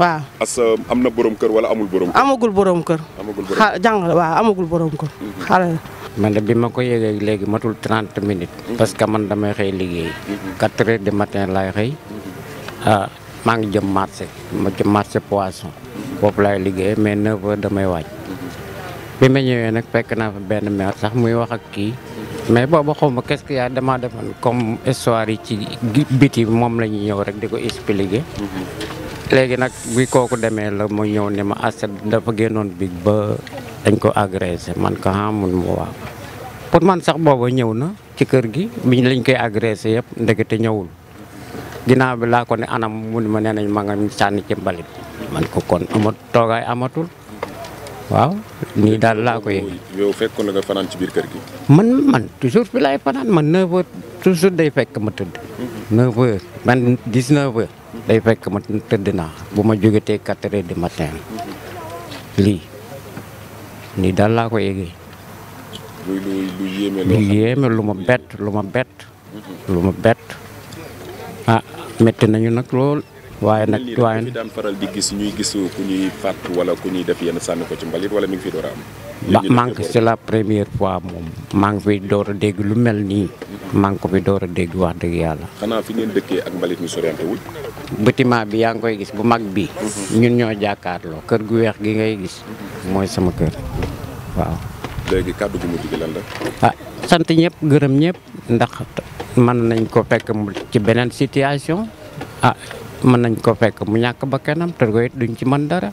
waaw Assa am na boroom kër wala amul borom. amagul borom kër. amagul borom kër amagul borom kër. Mhm. xale la. man de bi ma ko yëgee léegi matul trente minutes. Mhm. parce que man damay xëy liggéey. 4 heures du matin laay xëy. Ah, maa ngi jëm marché ma jëm marché poisson. foofu laay liggéey mais 9 damay wàcc. bi ma ñëwee nag fekk naa fa benn mère sax muy wax kii. mais boobu xaw ma qu'est-ce que a dama defoon comme histoire ci biti mom lañ ñuy ñëw rek di ko expliquer mm-hmm. léegi nag bi kooku démé la mo ñëw né ma aset dafa gënon bi ba dañ ko agresser man ko amul ah, mo wa pour man sax boobu ñëw na ci kër gi biñ lañ koy agressé yëpp ndekete ñëwul ginaaw bi la ko né anam mu ne ma nañ ma nga ci mbalit man ko kon amatul amatul waaw nii daal laa ko yëg. yow fekkoon na nga man man toujours bi fanaan man 9 toujours day fekk ma tëdd. 9h mhm. man 19 day fekk ma tëdd naa bu ma jógetee 4h du matin mhm. lii nii daal laa ko yëgee. lu lu yéeme lu ma bett lu ma bett. Mhm. lu ma bett ah metti nañu nag lool. waye nak waye fi daan faral di gis ñuy gis ku ñuy fat wala ku ñuy def yenn sànni ko ci mbalit wala mi ngi fi doora am. ba manque c'est la première fois mom mank fi doora deg lu mel ni mank mm-hmm. ko fi doora deg wax dëgg yalla xana fi ngeen dekké ak mbalit ñu soriante wul. bâtiment bi ya ngoy gis bu mag bi mm-hmm. ñun ñoo lo kër gu weex gi ngay gis moy mm-hmm. sama kër waaw. léegi kaddu gu mu digi lan la. ah sant ñep gërëm ñep ndax man nañ ko fekk ci benen situation ah. mën nañ ko fekk mu ñàkk bakkanam te it duñ ci man dara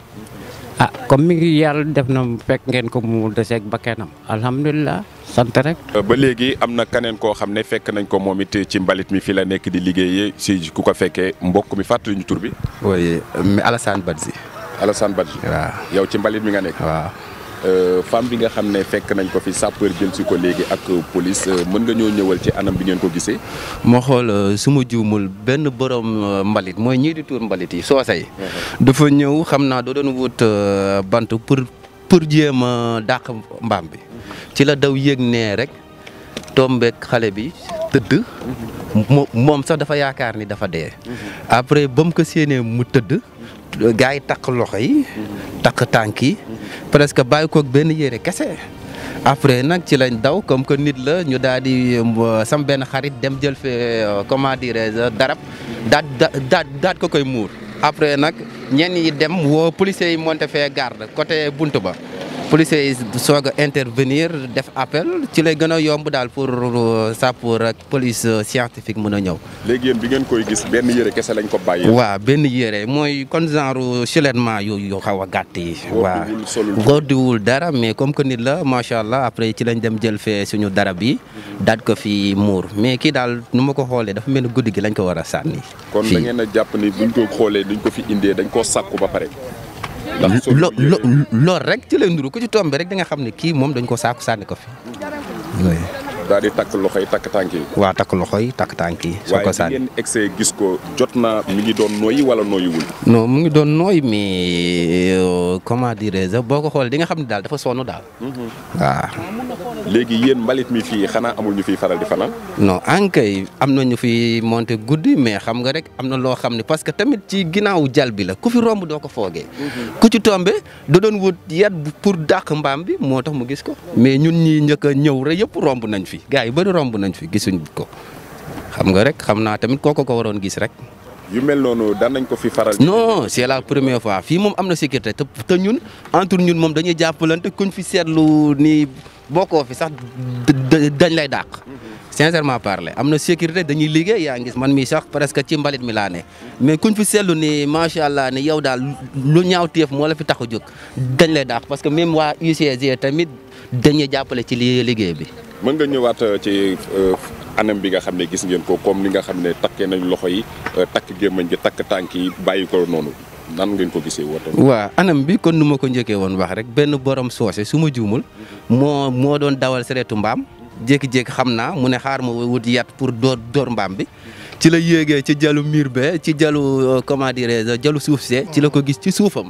ah comme mi ngi yàlla def na mu fekk ngeen ko mu deseeg bakkeenam alhamdulilah sant rek. Euh, ba léegi am na keneen koo xam ne fekk nañ ko moom it ci mbalit mi fi la nekk di liggéeyee si ku ko fekkee mbokk mi fàttali ñu tur bi. oui euh, Alassane Badji. Alassane Badji. waaw yow ci mbalit mi nga nekk. Euh, femme bi nga xam ne fekk nañ ko fi sapeur jël si ko léegi ak police euh, mën nga ñoo ñëwal ci anam bi ngeen ko gisee. moo xool euh, su ma juumul benn borom mbalit mooy ñii di tuur mbalit yi soo say uh-huh. dafa ñëw xam naa doo doon wut bant pour pour jéem a dàq mbaam bi. ci la daw yéeg nee rek tombeek xale bi tëdd. Uh-huh. moom sax dafa yaakaar ni dafa dee. Uh-huh. après ba ko séenee mu tëdd. gars yi takk loxo yi. takk tànk yi. presque bàyyi koog ben yere kese après nak ci lañ daw comme que nit la ñu daal sam ben xarit dem jël fe comment dire darap dat dat daat ko koy mur après nak ñen yi dem wo policiers yi monté fe garde côté buntu ba policiers yi soog a intervenir def appel ci lay gën a yomb daal pour sapeur euh, ak police euh, scientifique mën a ñëw. léegi yéen bi ngeen koy gis benn yére kese lañ ko bàyyee. benn yére mooy kon genre soulèvement yu xaw a gàtt yi. waaw goddiwul dara mais comme que nit la macha allah après ci lañ dem jël fee suñu dara bi daaj ko fi muur mais kii daal nu ma ko xoolee dafa mel ni guddi gi lañ ko war a sànni. kon da ngeen jàpp ni buñ ko xoolee duñ ko fi indee dañ koo sàkku ba pare. lo lo loolu rek ci lay nduru ku ci tombe rek di nga xam ne kii moom dañ ko saaku sànni ko fi daal di takk loxo yi takk tànk yi. yi takk tànk yi. soo ko sànni waaye ngeen egsee gis ko jot na mi ngi doon nooyi wala nooyiwul. non mu ngi doon nooy mais euh, comment dirais je boo ko xoolee di nga xam ne daal dafa sonn daal. Mm-hmm. waaw. léegi yéen mbalit mi fii xanaa amul ñu fiy faral di fanaan. non ankay am na ñu fi monté guddi mais xam nga rek am na loo xam ne parce que tamit ci ginnaawu jal bi la ku fi romb doo ko foogee. Mm-hmm. ku ci tombé da doon wut yat pour dàq mbaam bi moo tax mu gis ko. mais ñun ñii njëkk a fi gars yi bëri romb nañ fi gisuñ ko xam nga rek xam naa tamit kooku ko waroon gis rek. yu mel noonu daan nañ ko fi faral. non c'est la première fois fii moom am na sécurité te te ñun entre ñun moom dañuy jàppalante kuñ fi seetlu ni bokkoo fi sax dañ lay dàq. Mhm. sincèrement parler am na sécurité dañuy liggéey yaa ngi man mii sax presque ci mbalit mi laa mais kuñ fi seetlu ni macha allah ni yow daal lu ñaaw téef moo la fi tax a dañ lay dàq parce que même waa UCG tamit dañuy jàppale ci liggéey bi. mën nga ñëwaat euh, ci euh, anam bi nga xam ne gis ngeen ko comme ni nga xam ne takkee nañ loxo yi euh, takk gémmañ gi takk tànk yi bàyyi ko noonu nan ngeen ko gisee woon waaw anam bi kon nu ma ko njëkkee woon wax rek benn borom soose su ma juumul moo moo doon dawal sereetu mbaam jékki-jékki xam naa mu ne xaar ma wut yat pour door door mbaam bi ci la yéegee ci jalu miir be ci jalu comment dirais-je jalu suuf se ci la ko gis ci suufam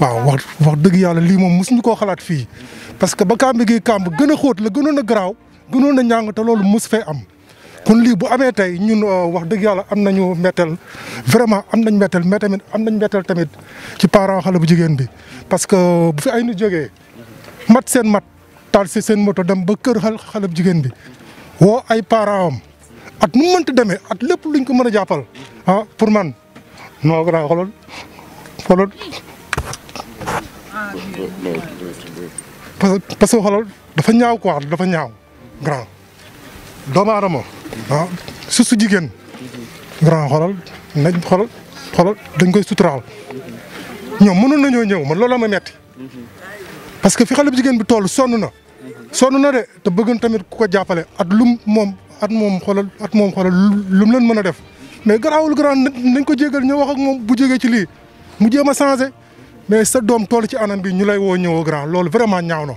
waaw wax wax dëgg yàlla lii moom mosuñu koo xalaat fii parce que ba kàmb gi kàmb gën a xoot la gënoon a garaaw gënoon a ñàng te loolu mos fee am. kon lii bu amee tey ñun euh, wax dëgg yàlla am nañu mettel vraiment am nañ mettel mais tamit am nañ mettel tamit ci parent xale bu jigéen bi parce que euh, bu fi ay nu jógee mat seen mat taal si seen moto dem ba kër xale bu jigéen bi woo ay parent am at nu mënti demee at lépp luñ ko mën a jàppal ah pour man noo gën a parce que parce dafa ñaaw quoi dafa ñaaw grand doomu aadama ah su su jigéen grand xoolal nañ dañ koy suturaal ñoom na nañoo ñëw ma looloo ma metti parce que fi xale bu jigéen bi toll sonn na sonn na de te bëgg tamit ku ko jàppale at lum moom at moom xoolal at moom xoolal lum leen mën a def mais garaawul grand nañ ko jégal ñu wax ak moom bu jógee ci lii mu jéem a changé mais sa doom toll ci anam bi ñu lay woo ñëwoo grand loolu vraiment ñaaw na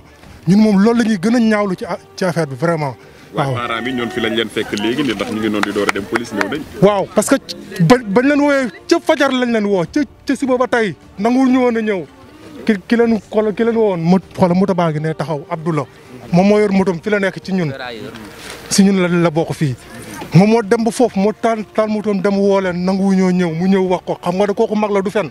ñun moom loolu la ñuy gën a ñaawlu ci ci affaire bi vraiment. waaw parents yi ñoom fi lañ leen fekk léegi ni ndax ñu ngi noonu di door waaw parce que ba bañ leen woowee ca fajar lañ leen woo ca ca suba ba tey nanguwul ñu woon a ñëw ki ki leen xool ki leen woowoon mu xoolal moto baa ngi ne taxaw Abdoula moom moo yor motom fi la nekk ci ñun si ñun la la bokk fii. moom moo dem ba foofu moo taal taal motom dem woo leen nanguwu ñoo ñëw mu ñëw wax ko xam nga da kooku mag la du fen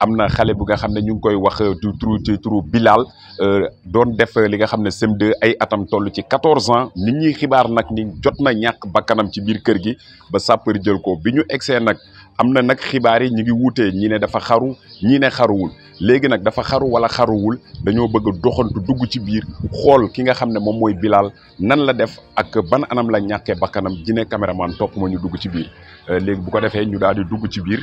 am na xale bu nga xam ne ñu ngi koy wax euh, du turu ci turu Bilal euh, doon def li nga xam ne cm ay atam toll ci quatorze ans nit ñi xibaar nag ni jot na ñàkk bakkanam ci biir kër gi ba sàppar jël ko bi ñu egsee nag am na nag xibaar yi ñu ngi wuutee ñi ne dafa xaru ñii ne xaruwul léegi nag dafa xaru wala xaruwul dañoo bëgg doxantu dugg ci biir xool ki nga xam ne moom mooy Bilal nan la def ak ban anam la ñàkkee bakkanam ji ne caméraman topp ma ñu dugg ci biir euh, léegi bu ko defee ñu daal di dugg ci biir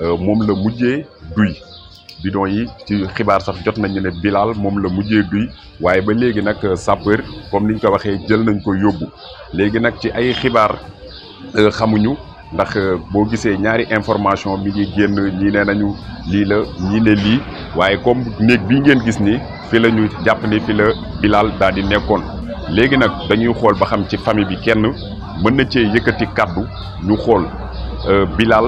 Euh, moom la mujjee duy bidon yi ci xibaar sax jot nañu ne Bilal moom la mujjee duy waaye ba léegi nag euh, sapeur comme niñ ko waxee jël nañ ko yóbbu léegi nag ci ay xibaar euh, xamuñu ndax boo gisee ñaari information bi ngi génn ñii ne nañu lii la ñii ne waaye comme néeg bii ngeen gis ni fi la ñu jàpp ni fi la Bilal daal di nekkoon léegi nag dañuy xool ba xam ci famille bi kenn mën na cee yëkkati kàddu ñu xool bilaal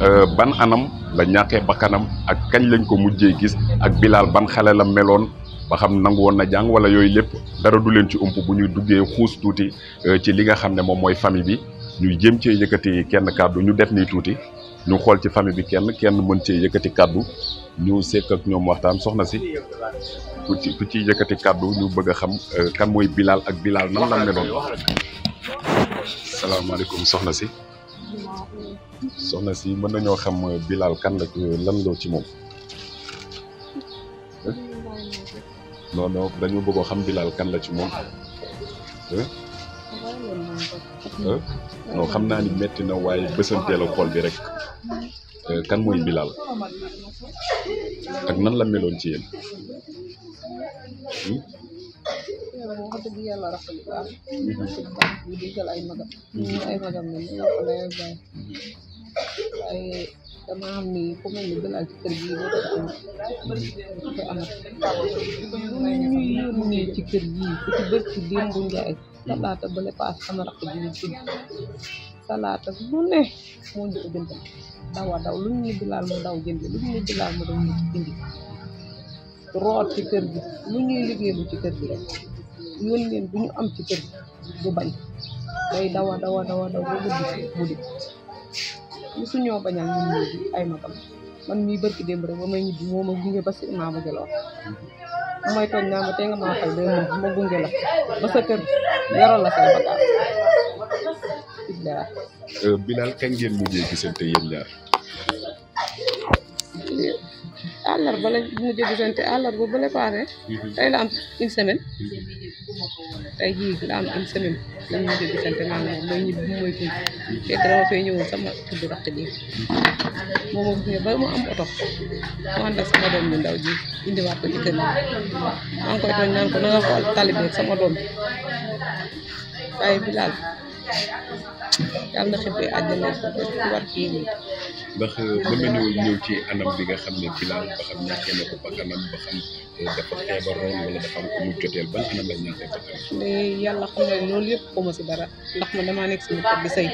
Euh, ban anam la ñàkkee bakkanam ak kañ lañ ko mujjee gis ak Bilal ban xale la meloon ba xam nangu woon na jàng wala yooyu lépp dara du leen ci ump bu ñu duggee xuus tuuti euh, ci li nga xam ne moom mooy famille bi ñu jëm cee yëkkati kenn kàddu ñu def nii tuuti ñu xool ci famille bi kenn kenn mën cee yëkkati kàddu ñu sekk ak ñoom waxtaan soxna si ku ci yëkkati kàddu ñu bëgg xam euh, kan mooy Bilal ak Bilal nan la meloon. salaamaaleykum soxna si. soxna si mën nañoo xam euh, Bilal kan la euh, lan ci moom. non dañoo dañu bëggoo xam Bilal kan la ci moom. non xam naa ni metti na waaye bësanteelu xol bi rek euh, kan mooy Bilal ak nan la meloon ci yéen. Hmm? Hmm. तमाम नहीं को मैं निकल आज कर दी वो नहीं ci kër gi ku ci bër ci dem bu njaay salaata ba le paas sama rakk ji ñu tudd salaata lu ne moo ñu ko dawa daw lu ñu bilal mu daw jënd lu ñu bilaal mu daw ñu ci root ci kër gi lu ñuy liggéeylu ci kër gi am ci kër gi du bañ day dawa dawa dawa daw ba suñoo bañal ñun ñii ay magam man mii barki démb rek ba may ñibbi moo ma gunge ba si imaamu Jolof mu may tooñ naa ma nga maa fay ba ma gunge la ba sa kër yaral la say bagaas euh, Bilal kañ ngeen mujjee gisante yéen ñaar eh, àllarba la ñu mujj gisante àllarba ba la paase. Mhm. tey la am une semaine. Mhm. tey jii la am une semaine la ñu mujj gisante maa ngi moom mooy ñibbi moom sama tudd mu am oto mu ànd ak sama doom bu ndaw ji indiwaat ko ci kër maa ngi koy tooñ naan xool tali bi sama doom waaye bi daal. yàlla na xëppee àjjana barke euh, ci anam bi nga xam ne bilaal ba ko euh, yëpp xaw ma si dara ndax man damaa nekk sama kër di sëy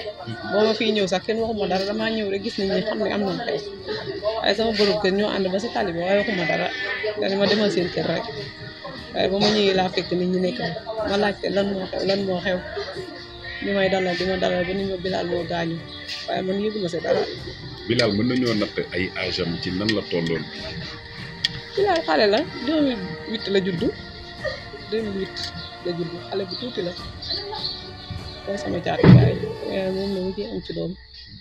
boo ma fii ñëw sax kenn waxuma dara damaa ñëw rek gis nañ ñi xam ne am nañ xew waaye sama borom kër ñoo ànd ba si tali bi waaye waxuma dara dani ma demal seen kër rek waaye ba ma ñëwee laa fekk nit ñi nekk ma laajte lan moo xew ni may dalal di ma dalal bu ñu Bilal mo gañu waye man ma sé dara. Bilal mën nañoo natt ay âge ci nan la tollon Bilal xalé la 2008 la juddu 2008 la juddu xalé bu tuti la ko sama caatu yaay moom la ngi am ci doom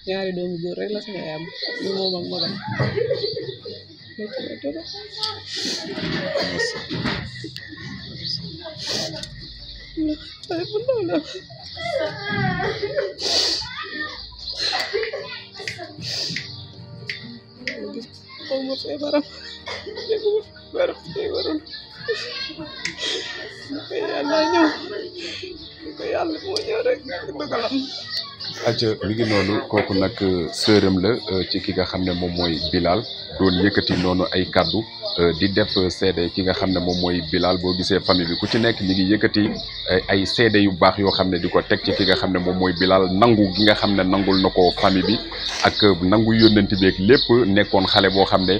ñaari doomu góor rek la sama yam ñu magam. Vamos agora. Agora, agora. Kaya lang yun. Kaya alam mo yun. Ito ka lang. aja mi ngi noonu kooku nag euh, sërëm la euh, ci ki nga xam ne moom mooy Bilal doon yëkkati noonu ay kàddu euh, di def seede ki nga xam ne moom mooy Bilal boo gisee famille bi ku ci nekk ñi ngi yëkkati ay seede yu baax yoo xam ne di ko teg ci ki nga xam ne moom mooy Bilal nangu gi nga xam ne nangul na ko famille bi ak nangu yónnante beeg lépp nekkoon xale boo xam ne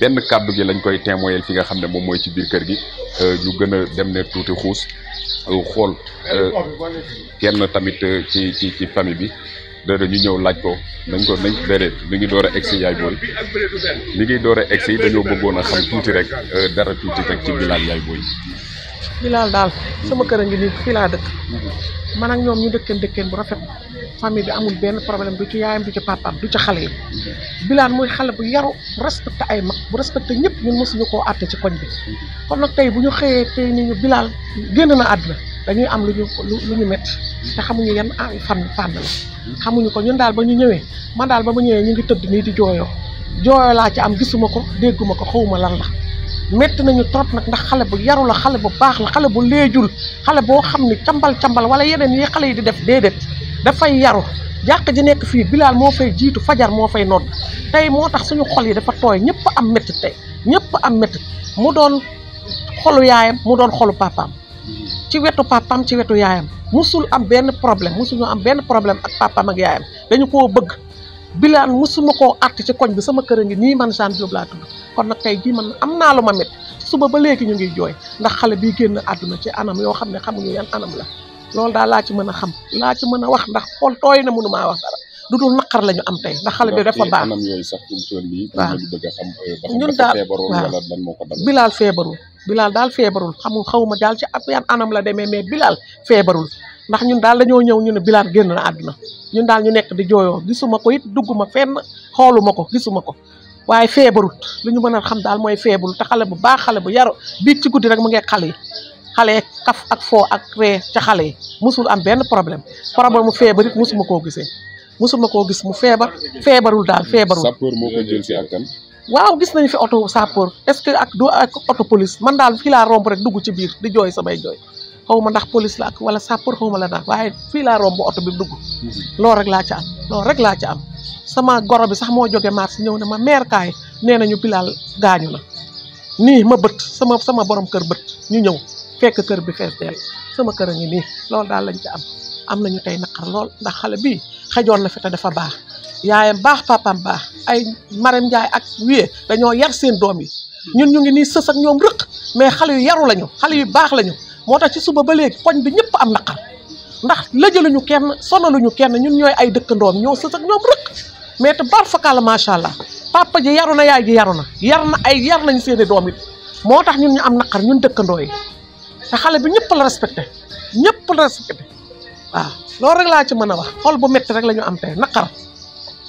benn kàddu gi lañ koy témoyel fi nga xam ne moom mooy ci biir kër gi euh, ñu gën a dem ne tuuti xuus euh, xool euh, kenn tamit ci ci ci famille bi dañu ñëw laaj ko nañ ko nañ déedéet mi ngi door a egsi yaay booy ni ngi door a egsi dañoo bëggoon a xam tuuti rek dara tuuti rek ci Bilal yaay booy. Bilal daal sama kër a ngi nii fii laa dëkk. Mm-hmm. man ak ñoom ñu dëkkeen dëkkeen bu rafet famille bi amul benn problème du ci yaayam du ci papaam du ci xale yi bilaan muy xale bu yaru bu respecté ay mag bu respecté ñëpp ñun mosuñu koo àtte ci koñ bi kon nag tey bu ñu xëyee tey ni ñu bilaal génn na àdduna dañuy am lu ñu lu ñu métti te xamuñu yan fan fànn la xamuñu ko ñun daal ba ñu ñëwee man daal ba ma ñëwee ñu ngi tëdd nii di jooyoo jooyoo laa ci am gisuma ko dégguma ko xawuma lan la métti nañu trop nag ndax xale bu yaru la xale bu baax la xale bu léejul xale boo xam ni cambal cambal wala yeneen yi xale yi di def déedéet dafay yaru jàq ji nekk fii bilaal moo fay jiitu fajar moo fay nodd tey moo tax suñu xol yi dafa tooy ñëpp am métti tey ñëpp am métti mu doon xolu yaayam mu doon xolu papaam ci wetu papaam ci wetu yaayam musul am benn problème musuñu am benn problème ak papaam ak yaayam dañu ko bëgg mu suma koo àtt ci koñ bi sama kër a ngi nii man Jeanne Diop laa tudd kon nag tey jii man am naa lu ma métti suba ba léegi ñu ngi jooy ndax xale bi génn àdduna ci anam yoo xam ne xamuñu yan anam la loolu daal laa ci mën a xam laa ci mën a wax ndax xool tooy na mënuma wax dara du dul naqar la am tey ndax xale bi dafa baax anam yooyu sax euh, ñun daal waaw bilaal feebarul bilaal daal feebarul xamul xawma daal ci ab yan anam la demee mais bilaal feebarul ndax ñun daal dañoo ñew ñu ne bilaat genn na aduna ñun daal ñu nekk di joyo gisuma ko it duguma fenn xooluma ko gisuma ko waaye feebarut li ñu mën a xam daal mooy feebul te xale bu baax xale bu yaro biig ci guddi rek mu ngi xale kaf ak foo ak ree ca xale musul am benn problème problème mu feebarit musuma koo gisee musuma koo gis mu feebar feebarul daal feebarul sapeur moo ko jël si akam kan? waaw gis nañ fi auto sapeur est ce que ak du ak auto police man daal fii laa romb rek dugg ci biir di jooy samay jooy xawma ndax police la ak wala sapeur xawma la ndax waye fi la rombo auto bi dugg mhm. lo rek la ci am lo rek la ci am sama gorobi sax mo joge mars ñew ne ma maire kay nee nañu pilaal na ma beut sama sama borom kër beut ñu ñew fekk kër bi fess del sama kër ngi ni lool daal lañ ci am am nañu tay nakar lool ndax xale bi xajoon na fi ta dafa baax yaayam baax papam baax ay marem jai ak wié dañoo yar seen doom yi mhm. ñun ñu ngi ni sës ak ñoom rek mais xale yu yaru lañu yu baax lañu moo tax ci suba ba léegi koñ bi ñëpp am naqar ndax lëjaluñu kenn sonaluñu kenn ñun ñooy ay dëkkandoom ñoo sës ak ñoom rëkk mais te bar fakal macha allah papa ji yaru na yaay ji yaru na yar na ay yar nañ seeni doom it moo tax ñun ñu am naqar ñun dëkkandoo yi te xale bi ñëpp la respecté ñëpp la respecté loolu rek laa ci mën a wax xool bu metti rek la ñu am tey naqar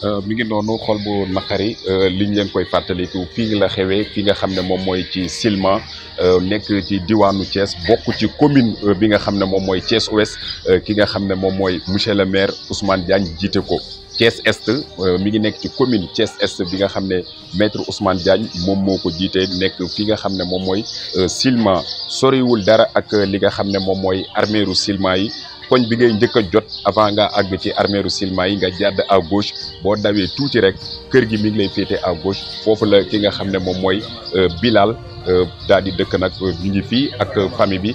Euh, mi ngi noonu xol bu naqari euh, liñ leen koy fàttaliku fii la xewee fi nga xam ne moom mooy ci Silma euh, nekk ci diwaanu Thiès bokk ci commune bi nga xam ne moom mooy Thiès Ouest ki nga xam ne moom mooy monsieur le maire Ousmane Diagne jiite ko. Thiès Est mi ngi nekk ci commune Thiès Est bi nga xam ne maître Ousmane Diagne moom moo ko jiitee nekk fi nga xam ne moom mooy Silma soriwul dara ak li nga xam ne moom mooy armeeru Silma yi. koñ bi ngay njëkk a jot avant nga àgg ci armeeru silma yi nga jàdd à gauche boo dawee tuuti rek kër gi mi ngi lay féete a gauche foofu la ki nga xam ne moom mooy euh, Bilal euh, daal di dëkk nag ñu euh, ngi fii ak pamille bi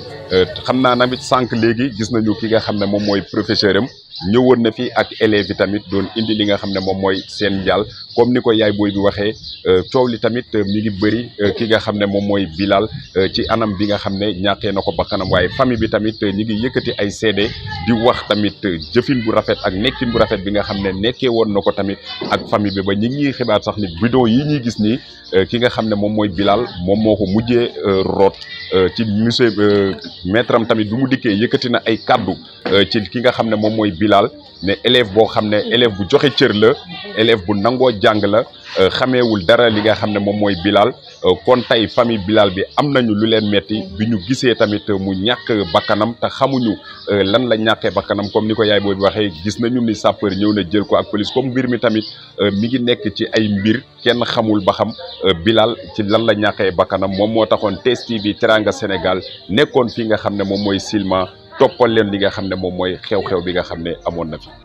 xam naa namit sànq léegi gis nañu ki nga xam ne moom mooy professeur am ñëwoon na fi ak élèves tamit doon indi li nga xam ne moom mooy seen njaal comme ni ko yaay booy waxee euh, coow li tamit euh, mi ngi bëri euh, ki nga xam ne moom mooy Bilal ci anam bi nga xam ne ñàkkee na ko bakkanam waaye famille bi tamit ñi ngi yëkkati ay seede di wax tamit jëfin bu rafet ak nekkin bu rafet bi nga xam ne nekkee woon na ko tamit ak famille bi ba ñi ngi xibaar sax ni bidon yi ñuy gis nii ki nga xam ne moom mooy Bilal moom moo ko mujjee root ci monsieur maître am tamit bi mu dikkee yëkkati na ay kaddu ci ki nga xam ne moom mooy Bilal ont né élève qui xamné élève bu joxé cër la élève bu nango élèves la euh, wul dara li nga xamné mom moy Bilal euh, kon famille Bilal bi am lu leen metti biñu gisé tamit mu ñak bakanam ta xamuñu euh, lan la ñaké bakanam comme niko yaay boy bi waxé gis nañu ni sapeur ñëw na jël ko ak police comme tamit mi ngi nekk ci ay kenn xamul ba Bilal ci lan la ñaké bakanam mom mo taxone Teranga Sénégal fi nga xamné ne moy Silma toppal leen li nga xam ne moom mooy xew-xew bi nga xam ne amoon na fi